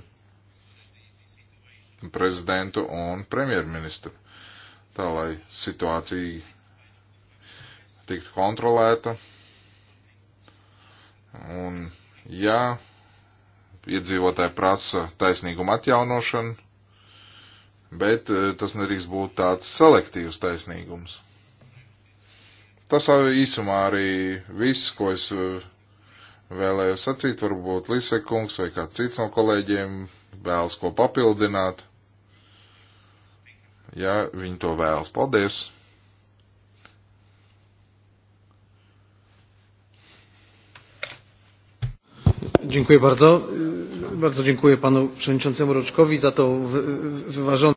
prezidentu un premjerministru, tā lai situācija tiktu kontrolēta. Un, ja iedzīvotāji prasa taisnīgumu atjaunošanu, bet eh, tas nedrīkst būt tāds selektīvs taisnīgums. Tas īsumā arī viss, ko es eh, vēlējos sacīt, varbūt Lisekungs vai kāds cits no kolēģiem vēlas ko papildināt. Ja viņi to vēlas, paldies! Dziękuję bardzo. Bardzo dziękuję panu przewodniczącemu Roczkowi za to wyważone.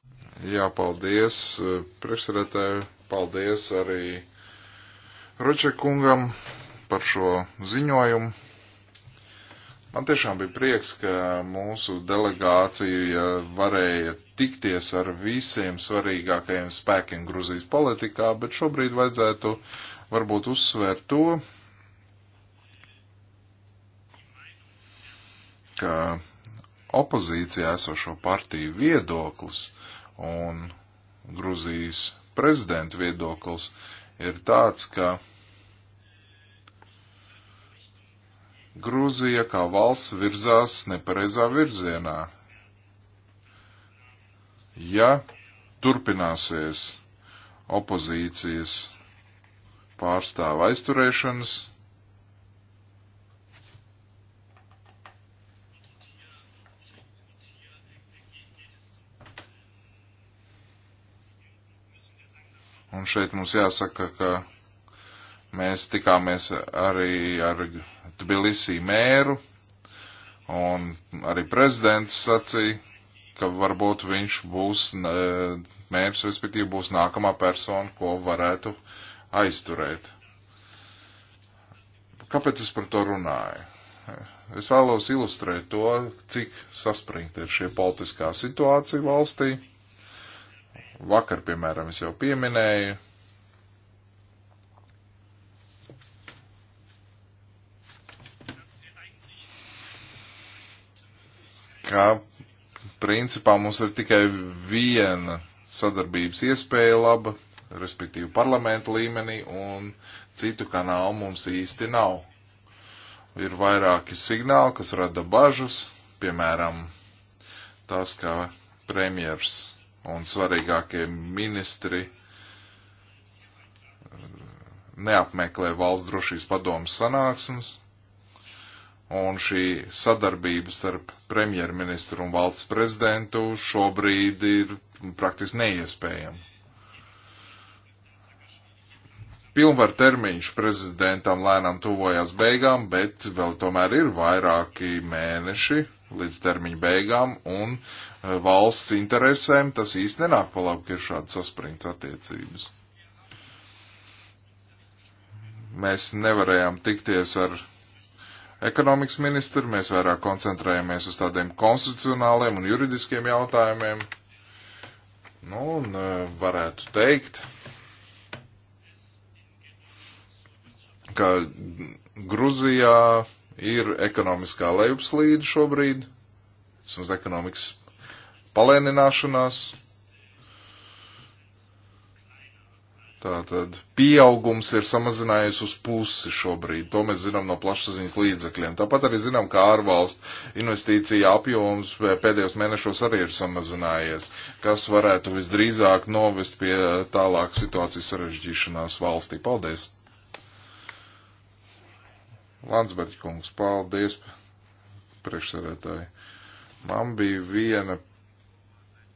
Jā, paldies, priekšsēdētāji, paldies arī Ročekungam par šo ziņojumu. Man tiešām bija prieks, ka mūsu delegācija varēja tikties ar visiem svarīgākajiem spēkiem Gruzijas politikā, bet šobrīd vajadzētu varbūt uzsvērt to, ka opozīcijā esošo partiju viedoklis un Gruzijas prezidenta viedoklis ir tāds, ka Grūzija kā valsts virzās nepareizā virzienā. Ja turpināsies opozīcijas pārstāva aizturēšanas, Un šeit mums jāsaka, ka Mēs tikāmies arī ar Tbilisī mēru, un arī prezidents sacīja, ka varbūt viņš būs mērs, respektīvi būs nākamā persona, ko varētu aizturēt. Kāpēc es par to runāju? Es vēlos ilustrēt to, cik saspringta ir šī politiskā situācija valstī. Vakar, piemēram, es jau pieminēju, ka principā mums ir tikai viena sadarbības iespēja laba, respektīvi parlamentu līmenī, un citu kanālu mums īsti nav. Ir vairāki signāli, kas rada bažas, piemēram, tas, ka premjers un svarīgākie ministri uh, neapmeklē valsts drošības padomas sanāksmes, un šī sadarbība starp premjerministru un valsts prezidentu šobrīd ir praktiski neiespējama. Pilnvar termiņš prezidentam lēnām tuvojās beigām, bet vēl tomēr ir vairāki mēneši līdz termiņa beigām, un e, valsts interesēm tas īsti nenāk pa labu, ka ir šāda saspringts attiecības. Mēs nevarējām tikties ar ekonomikas ministru, mēs vairāk koncentrējamies uz tādiem konstitucionāliem un juridiskiem jautājumiem. Nu, un e, varētu teikt, ka Gruzijā ir ekonomiskā lejupslīde šobrīd, vismaz ekonomikas palēnināšanās, Tātad pieaugums ir samazinājies uz pusi šobrīd. To mēs zinām no plašsaziņas līdzekļiem. Tāpat arī zinām, ka ārvalstu investīcija apjoms pēdējos mēnešos arī ir samazinājies, kas varētu visdrīzāk novest pie tālāk situācijas sarežģīšanās valstī. Paldies! Landsbergi kungs, paldies priekšsarētāji. Man bija viena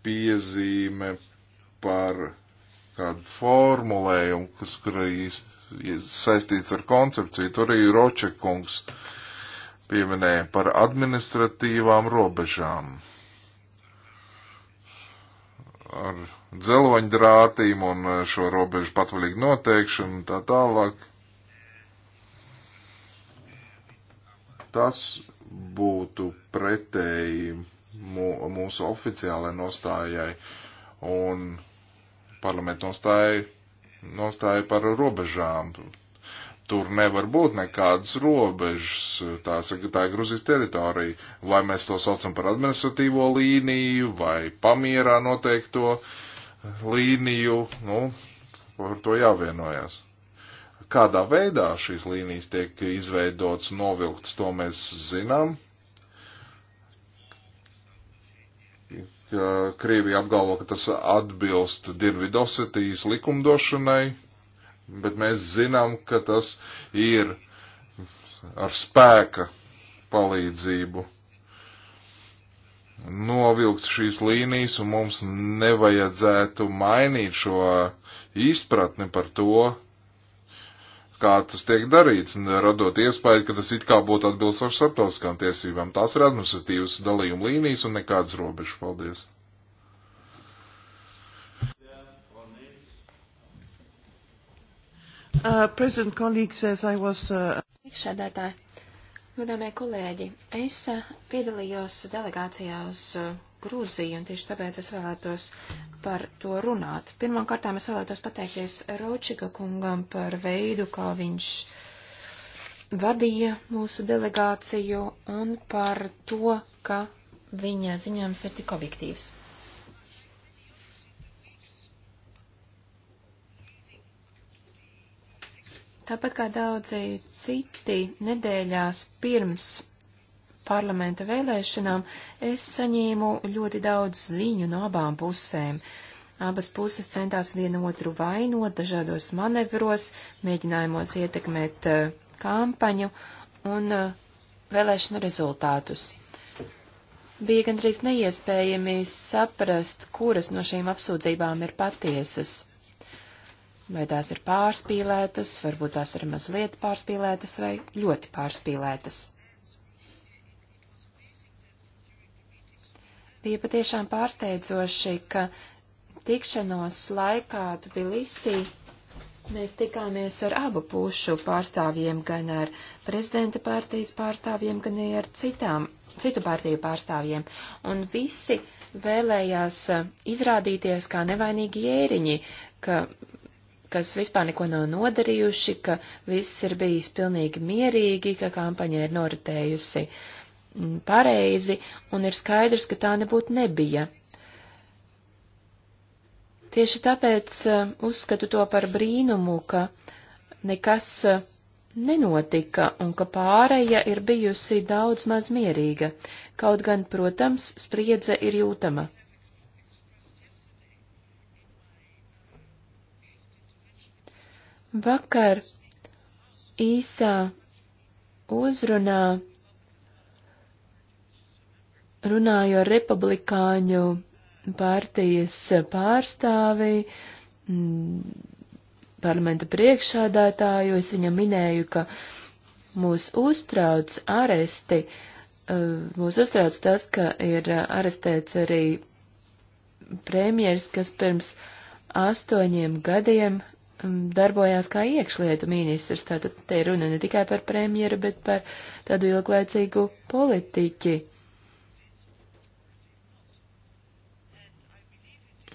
piezīme par kādu formulējumu, kas saistīts ar koncepciju. Tur arī Ročekungs pieminēja par administratīvām robežām. Ar dzeloņdrātīm un e, šo robežu patvaļīgu noteikšanu un tā tālāk. Tas būtu pretēji mūsu oficiālajai nostājai. Un parlamentu nostāju, nostāju par robežām. Tur nevar būt nekādas robežas, tā, tā ir Gruzijas teritorija, vai mēs to saucam par administratīvo līniju, vai pamierā noteikto līniju, nu, par to jāvienojas. Kādā veidā šīs līnijas tiek izveidotas, novilktas, to mēs zinām, ka Krievija apgalvo, ka tas atbilst Dienvidosetijas likumdošanai, bet mēs zinām, ka tas ir ar spēka palīdzību novilkt šīs līnijas, un mums nevajadzētu mainīt šo izpratni par to, kā tas tiek darīts, radot iespēju, ka tas it kā būtu atbilstoši starptautiskām tiesībām. Tās ir administratīvas dalījuma līnijas un nekādas robežas. Paldies! Uh, President colleague says I was. Uh... Priekšsēdētāji, godāmie kolēģi, es uh, piedalījos delegācijā uz uh, Grūziju, un tieši tāpēc es vēlētos par to runāt. Pirmkārt, es vēlētos pateikties Raučiga kungam par veidu, kā viņš vadīja mūsu delegāciju un par to, ka viņa ziņojums ir tik objektīvs. Tāpat kā daudzi citi nedēļās pirms parlamenta vēlēšanām, es saņēmu ļoti daudz ziņu no abām pusēm. Abas puses centās vienu otru vainot dažādos manevros, mēģinājumos ietekmēt uh, kampaņu un uh, vēlēšanu rezultātus. Bija gandrīz neiespējami saprast, kuras no šīm apsūdzībām ir patiesas. Vai tās ir pārspīlētas, varbūt tās ir mazliet pārspīlētas vai ļoti pārspīlētas. Bija patiešām pārsteidzoši, ka tikšanos laikā Tbilisī mēs tikāmies ar abu pušu pārstāvjiem, gan ar prezidenta partijas pārstāvjiem, gan arī ar citām, citu partiju pārstāvjiem, un visi vēlējās uh, izrādīties kā nevainīgi ēriņi, ka, kas vispār neko nav nodarījuši, ka viss ir bijis pilnīgi mierīgi, ka kampaņa ir noritējusi Mm, pareizi, un ir skaidrs, ka tā nebūtu nebija. Tieši tāpēc eh, uzskatu to par brīnumu, ka nekas eh, nenotika un ka pāreja ir bijusi daudz maz mierīga, kaut gan, protams, spriedze ir jūtama. Vakar īsā uzrunā runāju ar republikāņu partijas pārstāvi, mm, parlamenta priekšādātāju, es viņam minēju, ka mūs uztrauc aresti, uh, mūs uztrauc tas, ka ir arestēts arī premjers, kas pirms astoņiem gadiem mm, darbojās kā iekšlietu ministrs. Tātad te runa ne tikai par premjeru, bet par tādu ilglaicīgu politiķi.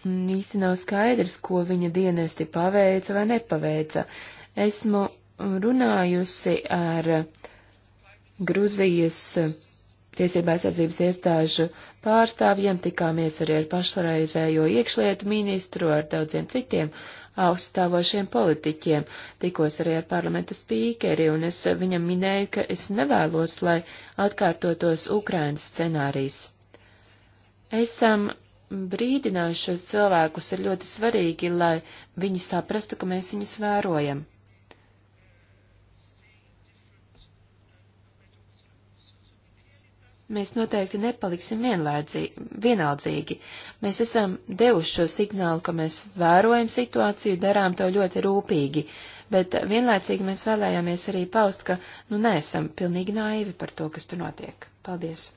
īsti nav skaidrs, ko viņa dienesti paveica vai nepaveica. Esmu runājusi ar Gruzijas tiesībā aizsardzības iestāžu pārstāvjiem, tikāmies arī ar pašreizējo iekšlietu ministru, ar daudziem citiem augststāvošiem politiķiem, tikos arī ar parlamenta spīkeri, un es viņam minēju, ka es nevēlos, lai atkārtotos Ukrainas scenārijs. Esam brīdināju šos cilvēkus, ir ļoti svarīgi, lai viņi saprastu, ka mēs viņus vērojam. mēs noteikti nepaliksim vienaldzīgi. Mēs esam devuši šo signālu, ka mēs vērojam situāciju, darām to ļoti rūpīgi, bet vienlaicīgi mēs vēlējāmies arī paust, ka nu neesam pilnīgi naivi par to, kas tur notiek. Paldies!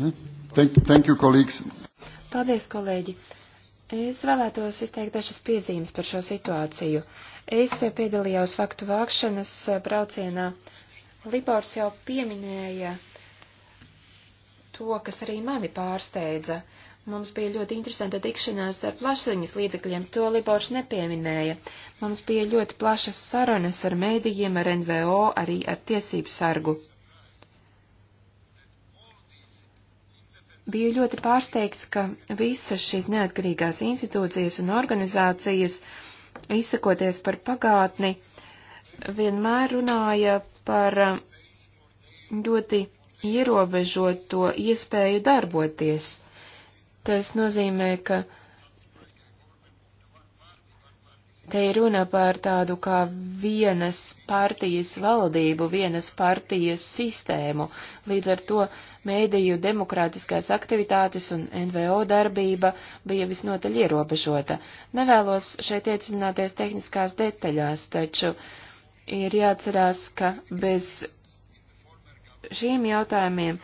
Hmm? Thank, thank you, colleagues. Paldies, kolēģi. Es vēlētos izteikt dažas piezīmes par šo situāciju. Es piedalījos faktu vākšanas braucienā. Libors jau pieminēja to, kas arī mani pārsteidza. Mums bija ļoti interesanta tikšanās ar plašsaziņas līdzekļiem, to Libors nepieminēja. Mums bija ļoti plašas sarunas ar mēdījiem, ar NVO, arī ar tiesību sargu. Biju ļoti pārsteigts, ka visas šīs neatkarīgās institūcijas un organizācijas, izsakoties par pagātni, vienmēr runāja par um, ļoti ierobežoto iespēju darboties. Tas nozīmē, ka Te ir runa par tādu kā vienas partijas valdību, vienas partijas sistēmu. Līdz ar to mēdīju demokrātiskās aktivitātes un NVO darbība bija visnotaļ ierobežota. Nevēlos šeit iecināties tehniskās detaļās, taču ir jāatcerās, ka bez šīm jautājumiem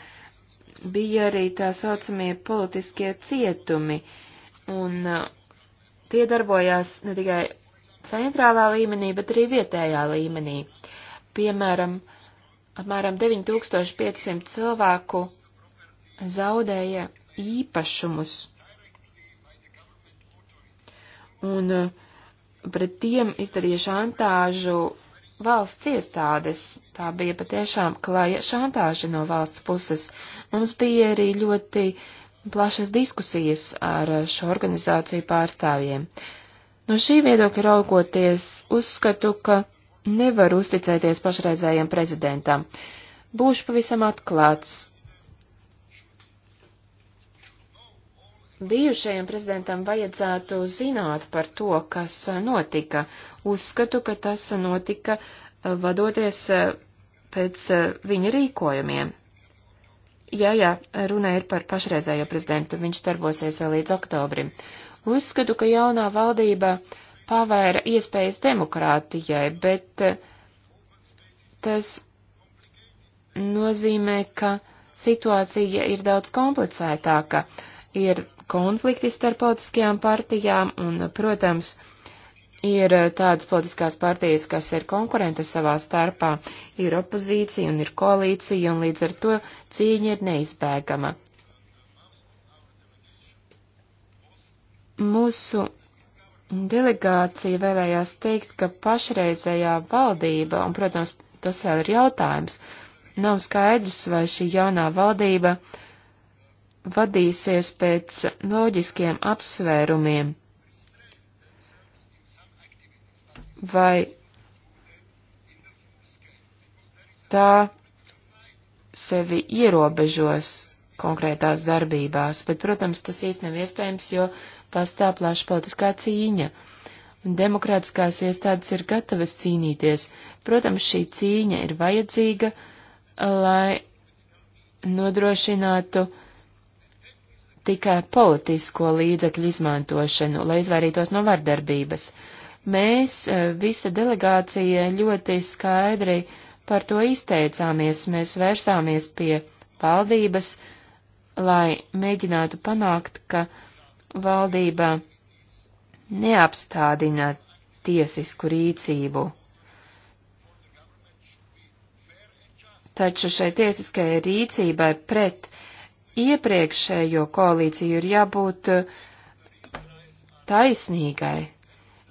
bija arī tā saucamie politiskie cietumi, un uh, tie darbojās ne tikai centrālā līmenī, bet arī vietējā līmenī. Piemēram, apmēram 9500 cilvēku zaudēja īpašumus. Un uh, pret tiem izdarīja šantāžu valsts iestādes. Tā bija patiešām klāja šantāža no valsts puses. Mums bija arī ļoti plašas diskusijas ar uh, šo organizāciju pārstāvjiem. Uh, No šī viedokļa raugoties, uzskatu, ka nevar uzticēties pašreizējiem prezidentam. Būšu pavisam atklāts. Bijušajam prezidentam vajadzētu zināt par to, kas notika. Uzskatu, ka tas notika eh, vadoties eh, pēc eh, viņa rīkojumiem. Jā, jā, runa ir par pašreizējo prezidentu, viņš darbosies vēl līdz oktobrim. Uh, Uzskatu, ka jaunā valdība pavēra iespējas demokrātijai, bet eh, tas nozīmē, ka situācija ir daudz komplicētāka. Ir konflikti starp politiskajām partijām un, protams, ir eh, tādas politiskās partijas, kas ir konkurente savā starpā, ir opozīcija un ir koalīcija, un līdz ar to cīņa ir neizbēgama. Mūsu delegācija vēlējās teikt, ka pašreizējā valdība, un, protams, tas vēl ir jautājums, nav skaidrs, vai šī jaunā valdība vadīsies pēc loģiskiem apsvērumiem, vai tā sevi ierobežos konkrētās darbībās, bet, protams, tas īsti nav iespējams, jo uh, pastāv plaša politiskā cīņa. Un demokrātiskās iestādes ir gatavas cīnīties. Protams, šī cīņa ir vajadzīga, lai nodrošinātu tikai politisko līdzekļu izmantošanu, lai izvairītos no vardarbības. Mēs, eh, visa delegācija, ļoti skaidri par to izteicāmies, mēs vērsāmies pie valdības, lai mēģinātu panākt, ka valdība neapstādina tiesisku rīcību. Taču šai tiesiskajai rīcībai pret iepriekšējo koalīciju ir jābūt eh, taisnīgai.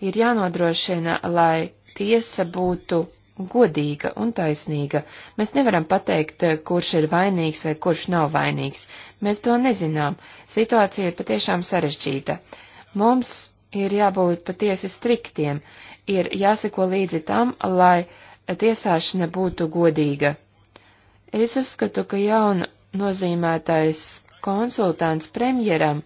Ir jānodrošina, lai tiesa būtu godīga un taisnīga. Mēs nevaram pateikt, eh, kurš ir vainīgs vai kurš nav vainīgs. Mēs to nezinām. Situācija ir patiešām sarežģīta. Mums ir jābūt patiesi striktiem, ir jāseko līdzi tam, lai tiesāšana būtu godīga. Es uzskatu, ka jaunu nozīmētais konsultants premjeram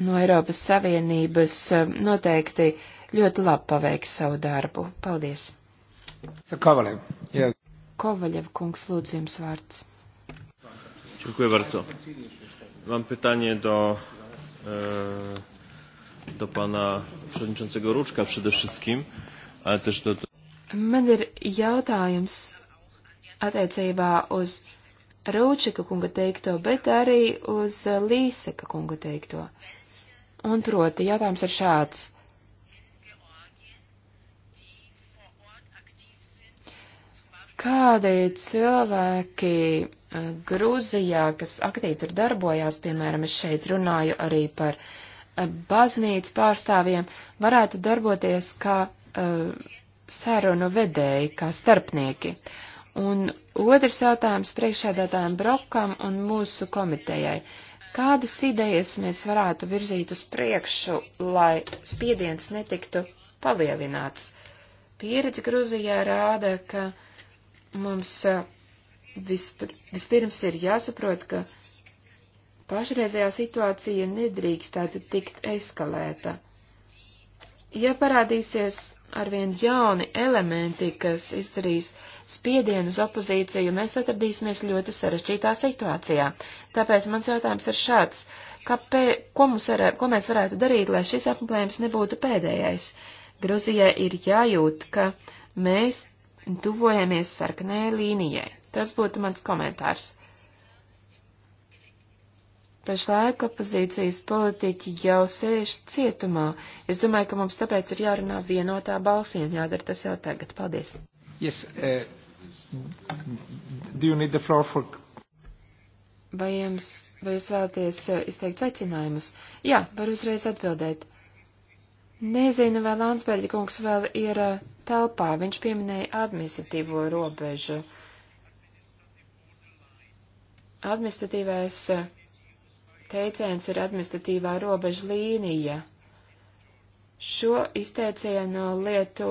no Eiropas Savienības eh, noteikti uh, ļoti labi paveiks savu darbu. Paldies! Kovaļev. Yeah. Kovaļev kungs, lūdzu jums vārds. Dziękuję bardzo. Mam pytanie do, e, do pana przewodniczącego Ruczka przede wszystkim, ale też do. Man ir jautājums attiecībā uz Rūčika kunga teikto, bet arī uz Līseka kunga teikto. Un proti, jautājums ir šāds. kādi cilvēki eh, Grūzijā, kas aktīvi tur darbojās, piemēram, es šeit runāju arī par eh, baznīcu pārstāvjiem, varētu darboties kā uh, sarunu vedēji, kā starpnieki. Un otrs jautājums priekšēdētājiem Brokam un mūsu komitejai. Kādas idejas mēs varētu virzīt uz priekšu, lai spiediens netiktu palielināts? Pieredze Gruzijā rāda, ka uh, mums vispir, vispirms ir jāsaprot, ka pašreizējā situācija nedrīkstētu tikt eskalēta. Ja parādīsies arvien jauni elementi, kas izdarīs spiedienu uz opozīciju, mēs atradīsimies ļoti sarežģītā situācijā. Tāpēc mans jautājums ir šāds. Kāpē, ko, ar, ko mēs varētu darīt, lai šis apmeklējums nebūtu pēdējais? Gruzijai ir jājūt, ka mēs tuvojamies sarkanajai līnijai. Tas būtu mans komentārs. Pašlaik opozīcijas politiķi jau sēž cietumā. Es domāju, ka mums tāpēc ir jārunā vienotā balsī un jādara tas jau tagad. Paldies. Yes, uh, do you need the floor for... Vai jums, vai jūs vēlaties uh, izteikt secinājumus? Jā, var uzreiz atbildēt. Nezinu, vai Lānsberģa kungs vēl ir uh, telpā. Viņš pieminēja administratīvo robežu. Administratīvais eh, teiciens ir administratīvā robeža līnija. Šo izteicienu lieto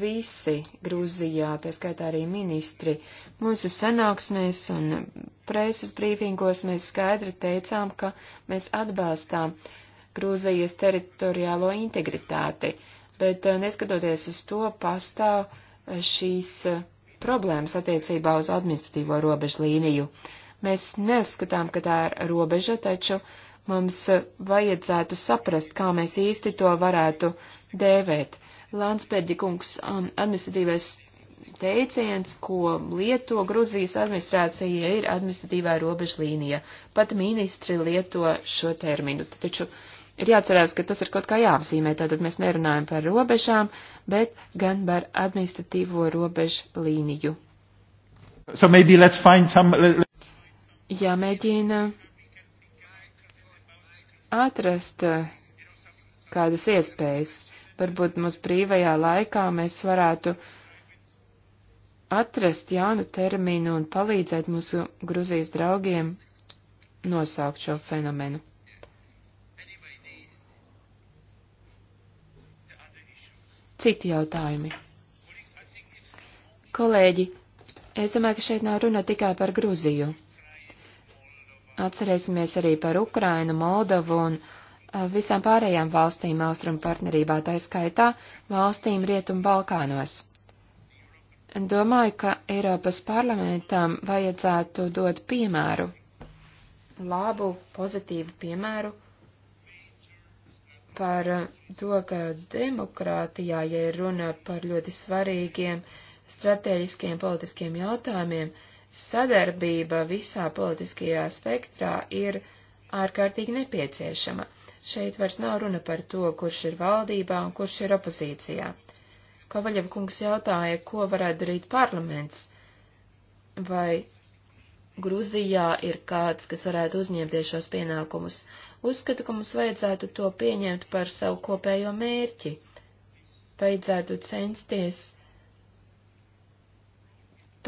visi Grūzijā, tā skaitā arī ministri. Mūsu sanāksmēs un preses brīvīgos mēs skaidri teicām, ka mēs atbalstām Grūzijas teritoriālo integritāti. Uh, bet eh, neskatoties uz to pastāv eh, šīs eh, problēmas attiecībā uz administratīvo robežu līniju. Mēs neuzskatām, ka tā ir robeža, taču mums vajadzētu saprast, kā mēs īsti to varētu dēvēt. Landsbergi kungs um, administratīvais teiciens, ko lieto Gruzijas administrācija, ir administratīvā robežlīnija. Pat ministri lieto šo terminu. Taču ir jāatcerās, ka tas ir kaut kā jāapzīmē, tātad mēs nerunājam par robežām, bet gan par administratīvo robežu līniju. So maybe let's find some... Jāmēģina atrast eh, kādas iespējas. Varbūt mums brīvajā laikā mēs varētu atrast jaunu terminu un palīdzēt mūsu Gruzijas draugiem nosaukt šo fenomenu. citi jautājumi. Kolēģi, es domāju, ka šeit nav runa tikai par Gruziju. Atcerēsimies arī par Ukrainu, Moldovu un eh, visām pārējām valstīm austrumu partnerībā, tā skaitā valstīm Rietumu Balkānos. Domāju, ka Eiropas parlamentam vajadzētu dot piemēru, labu, pozitīvu piemēru par eh, to, ka demokrātijā, ja ir runa par ļoti svarīgiem strateģiskiem politiskiem jautājumiem, sadarbība visā politiskajā spektrā ir ārkārtīgi nepieciešama. Šeit vairs nav runa par to, kurš ir valdībā un kurš ir opozīcijā. Kovaļev kungs jautāja, ko varētu darīt parlaments, vai Gruzijā ir kāds, kas varētu uzņemties šos pienākumus. Uzskatu, ka mums vajadzētu to pieņemt par savu kopējo mērķi. Vajadzētu censties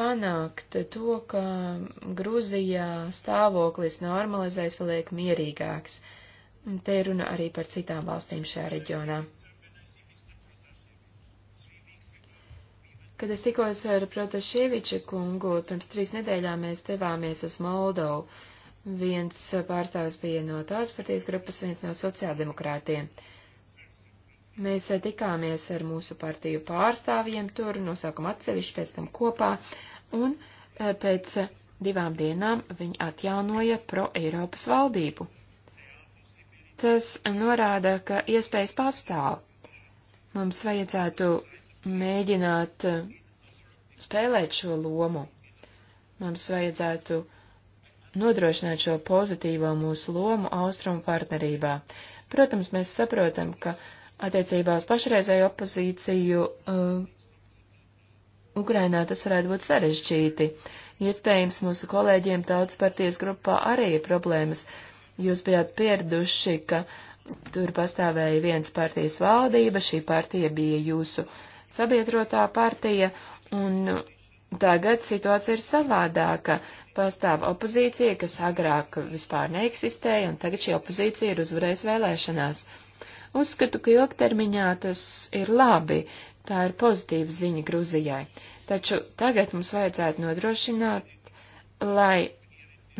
panākt to, ka Gruzijā stāvoklis normalizēs, paliek mierīgāks. Un te runa arī par citām valstīm šajā reģionā. Kad es tikos ar Protaševiča kungu, pirms trīs nedēļām mēs devāmies uz Moldovu. Viens pārstāvis bija no tās partijas grupas, viens no sociāldemokrātiem. Mēs tikāmies ar mūsu partiju pārstāvjiem tur, nosākam atsevišķi, pēc tam kopā, un eh, pēc divām dienām viņi atjaunoja pro-Eiropas valdību. Tas norāda, ka iespējas pastāv. Mums vajadzētu mēģināt eh, spēlēt šo lomu. Mums vajadzētu nodrošināt šo pozitīvo mūsu lomu austrumu partnerībā. Protams, mēs saprotam, ka attiecībā uz pašreizēju opozīciju uh, Ukrainā tas varētu būt sarežģīti. Iespējams, mūsu kolēģiem tautas partijas grupā arī ir problēmas. Jūs bijāt pieraduši, ka tur pastāvēja viens partijas valdība, šī partija bija jūsu uh, sabiedrotā partija, un tagad situācija ir savādāka. Pastāv opozīcija, kas agrāk vispār neeksistēja, un tagad šī opozīcija ir uzvarējusi vēlēšanās. Uzskatu, ka ilgtermiņā tas ir labi, tā ir pozitīva ziņa Gruzijai, taču tagad mums vajadzētu nodrošināt, lai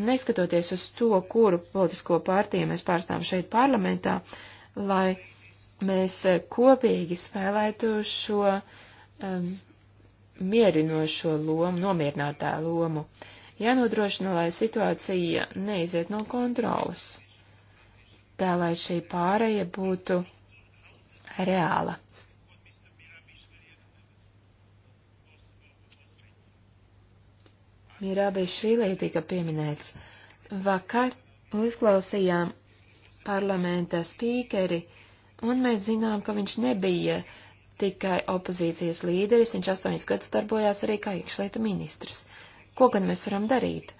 neskatoties uz to, kuru politisko partiju mēs pārstāvam šeit parlamentā, lai mēs eh, kopīgi spēlētu šo um, mierinošo lomu, nomierinātā lomu. Jānodrošina, lai situācija neiziet no kontrolas, tā lai šī pāreja būtu reāla. Mirābišvīlī tika pieminēts. Vakar uzklausījām parlamenta spīkeri, uh, Un mēs zinām, ka viņš nebija tikai opozīcijas līderis, viņš astoņas gadus darbojās arī kā iekšlietu ministrs. Ko gan mēs varam darīt?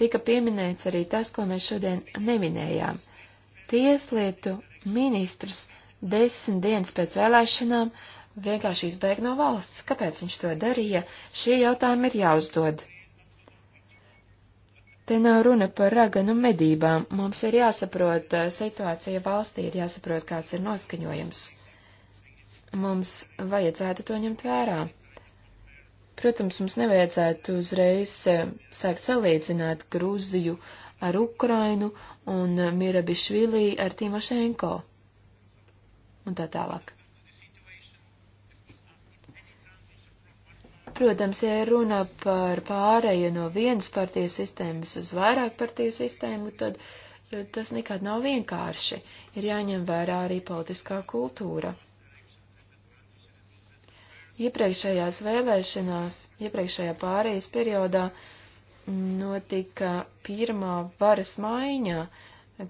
Tika pieminēts arī tas, ko mēs šodien neminējām. Tieslietu ministrs desmit dienas pēc vēlēšanām vienkārši izbēg no valsts. Kāpēc viņš to darīja? Šie jautājumi ir jāuzdod. Te nav runa par raganu medībām, mums ir jāsaprot eh, situācija valstī, ir jāsaprot, kāds ir noskaņojums. Mums vajadzētu to ņemt vērā. Protams, mums nevajadzētu uzreiz eh, sākt salīdzināt Grūziju ar Ukrainu un eh, Mirabišvili ar Timošenko un tā tālāk. Protams, ja runa par pārēju no vienas partijas sistēmas uz vairāk partiju sistēmu, tad tas nekad nav vienkārši. Ir jāņem vērā arī politiskā kultūra. Iepriekšējās vēlēšanās, iepriekšējā pārējais periodā notika pirmā varas maiņa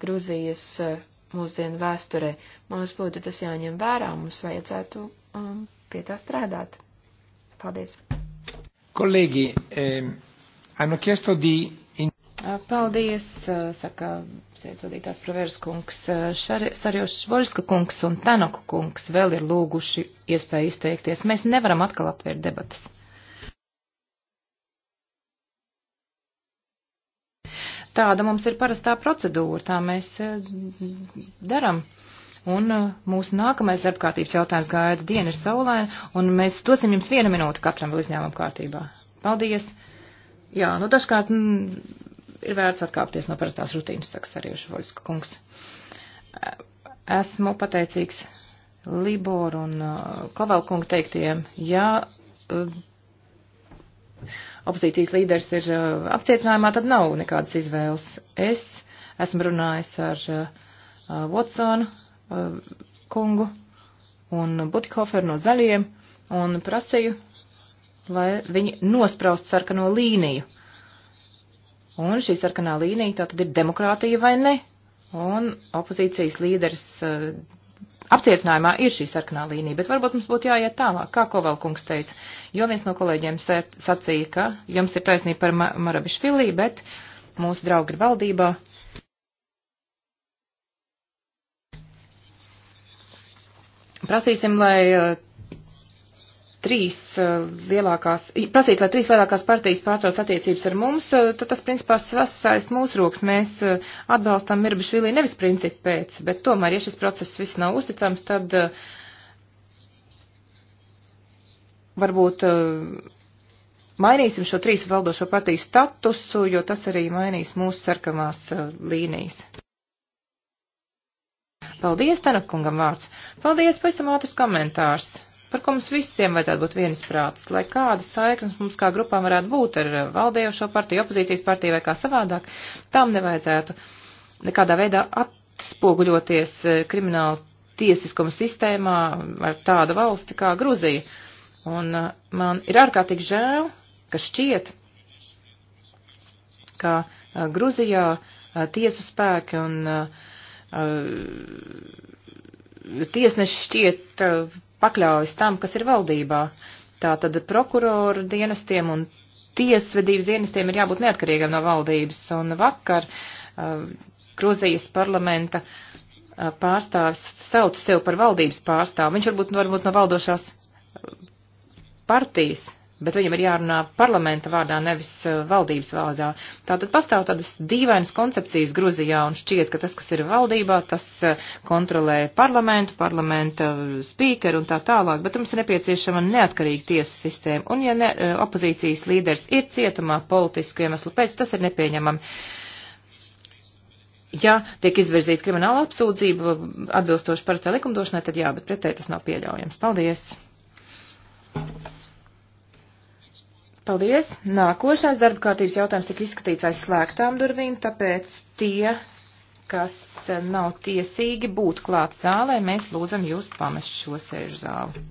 Gruzijas eh, mūsdienu vēsturē. Mums būtu tas jāņem vērā, mums vajadzētu um, pie tā strādāt. Paldies. Kolēģi, eh, hanno chiesto di. In... Paldies, saka sēdzadītās Slavērs kungs, Sarjošs Voļska kungs un Tanoku kungs vēl ir lūguši iespēju izteikties. Mēs nevaram atkal atvērt debatas. Tāda mums ir parastā procedūra, tā mēs daram. Uh, Un uh, mūsu nākamais darbkārtības jautājums gaida diena ir saulēna, un mēs dosim jums vienu minūti katram vēl izņēmumu kārtībā. Paldies! Jā, nu dažkārt m, mm, ir vērts atkāpties no parastās rutīnas, saka Sarieša Voļska kungs. Esmu pateicīgs Libor un uh, Kovalkunga teiktiem, ja uh, opozīcijas līderis ir apcietinājumā, tad nav nekādas izvēles. Es esmu runājis ar Watsonu Uh, kungu un Butikoferu no zaļiem un prasīju, lai viņi nospraust sarkano līniju. Un šī sarkanā līnija tā tad ir demokrātija vai ne? Un opozīcijas līderis uh, apcietinājumā ir šī sarkanā līnija, bet varbūt mums būtu jāiet tālāk, kā Kovalkungs teica. Jo viens no kolēģiem sacīja, ka jums ir taisnība par Marabišvilī, bet mūsu draugi ir valdībā Prasīsim, lai eh, trīs eh, lielākās, prasīt, lai trīs lielākās partijas pārtrauc attiecības ar mums, eh, tad tas principā sasaist mūsu rokas. Mēs atbalstam Mirbišvili nevis principu pēc, bet tomēr, ja šis process viss nav uzticams, tad varbūt mainīsim šo trīs valdošo partiju statusu, jo tas arī mainīs mūsu sarkamās līnijas. Paldies, Tanakungam vārds. Paldies, pēc tam ātrs komentārs par ko mums visiem vajadzētu būt vienisprātis, lai kādas saiknes mums kā grupām varētu būt ar eh, valdējošo partiju, opozīcijas partiju vai kā savādāk, tam nevajadzētu nekādā veidā atspoguļoties eh, krimināla tiesiskuma sistēmā ar tādu valsti kā Gruzija. Un eh, man ir ārkārtīgi žēl, ka šķiet, ka Gruzijā tiesu spēki un uh, Uh, tiesneši šķiet uh, pakļaujas tam, kas ir valdībā. Tātad prokuroru dienestiem un tiesvedības dienestiem ir jābūt neatkarīgam no valdības. Un vakar uh, Gruzijas parlamenta pārstāvis sauc sev par valdības pārstāvu. Viņš varbūt, varbūt no valdošās partijas, bet viņam ir jārunā parlamenta vārdā, nevis eh, valdības vārdā. Tātad pastāv tādas dīvainas koncepcijas Gruzijā, un šķiet, ka tas, kas ir valdībā, tas eh, kontrolē parlamentu, parlamenta eh, spīkeru un tā tālāk, bet mums ir nepieciešama neatkarīga tiesu sistēma, un ja ne, opozīcijas līderis ir cietumā politisku iemeslu pēc, tas ir nepieņemami. Ja tiek izvirzīta krimināla apsūdzība atbilstoši parastai likumdošanai, tad jā, bet pretēji tas nav pieļaujams. Paldies! Thank you. Paldies! Nākošais darba kārtības jautājums tika izskatīts aiz slēgtām durvīm, tāpēc tie, kas nav tiesīgi būt klāt zālē, mēs lūdzam jūs pamest šo sēžu zāli.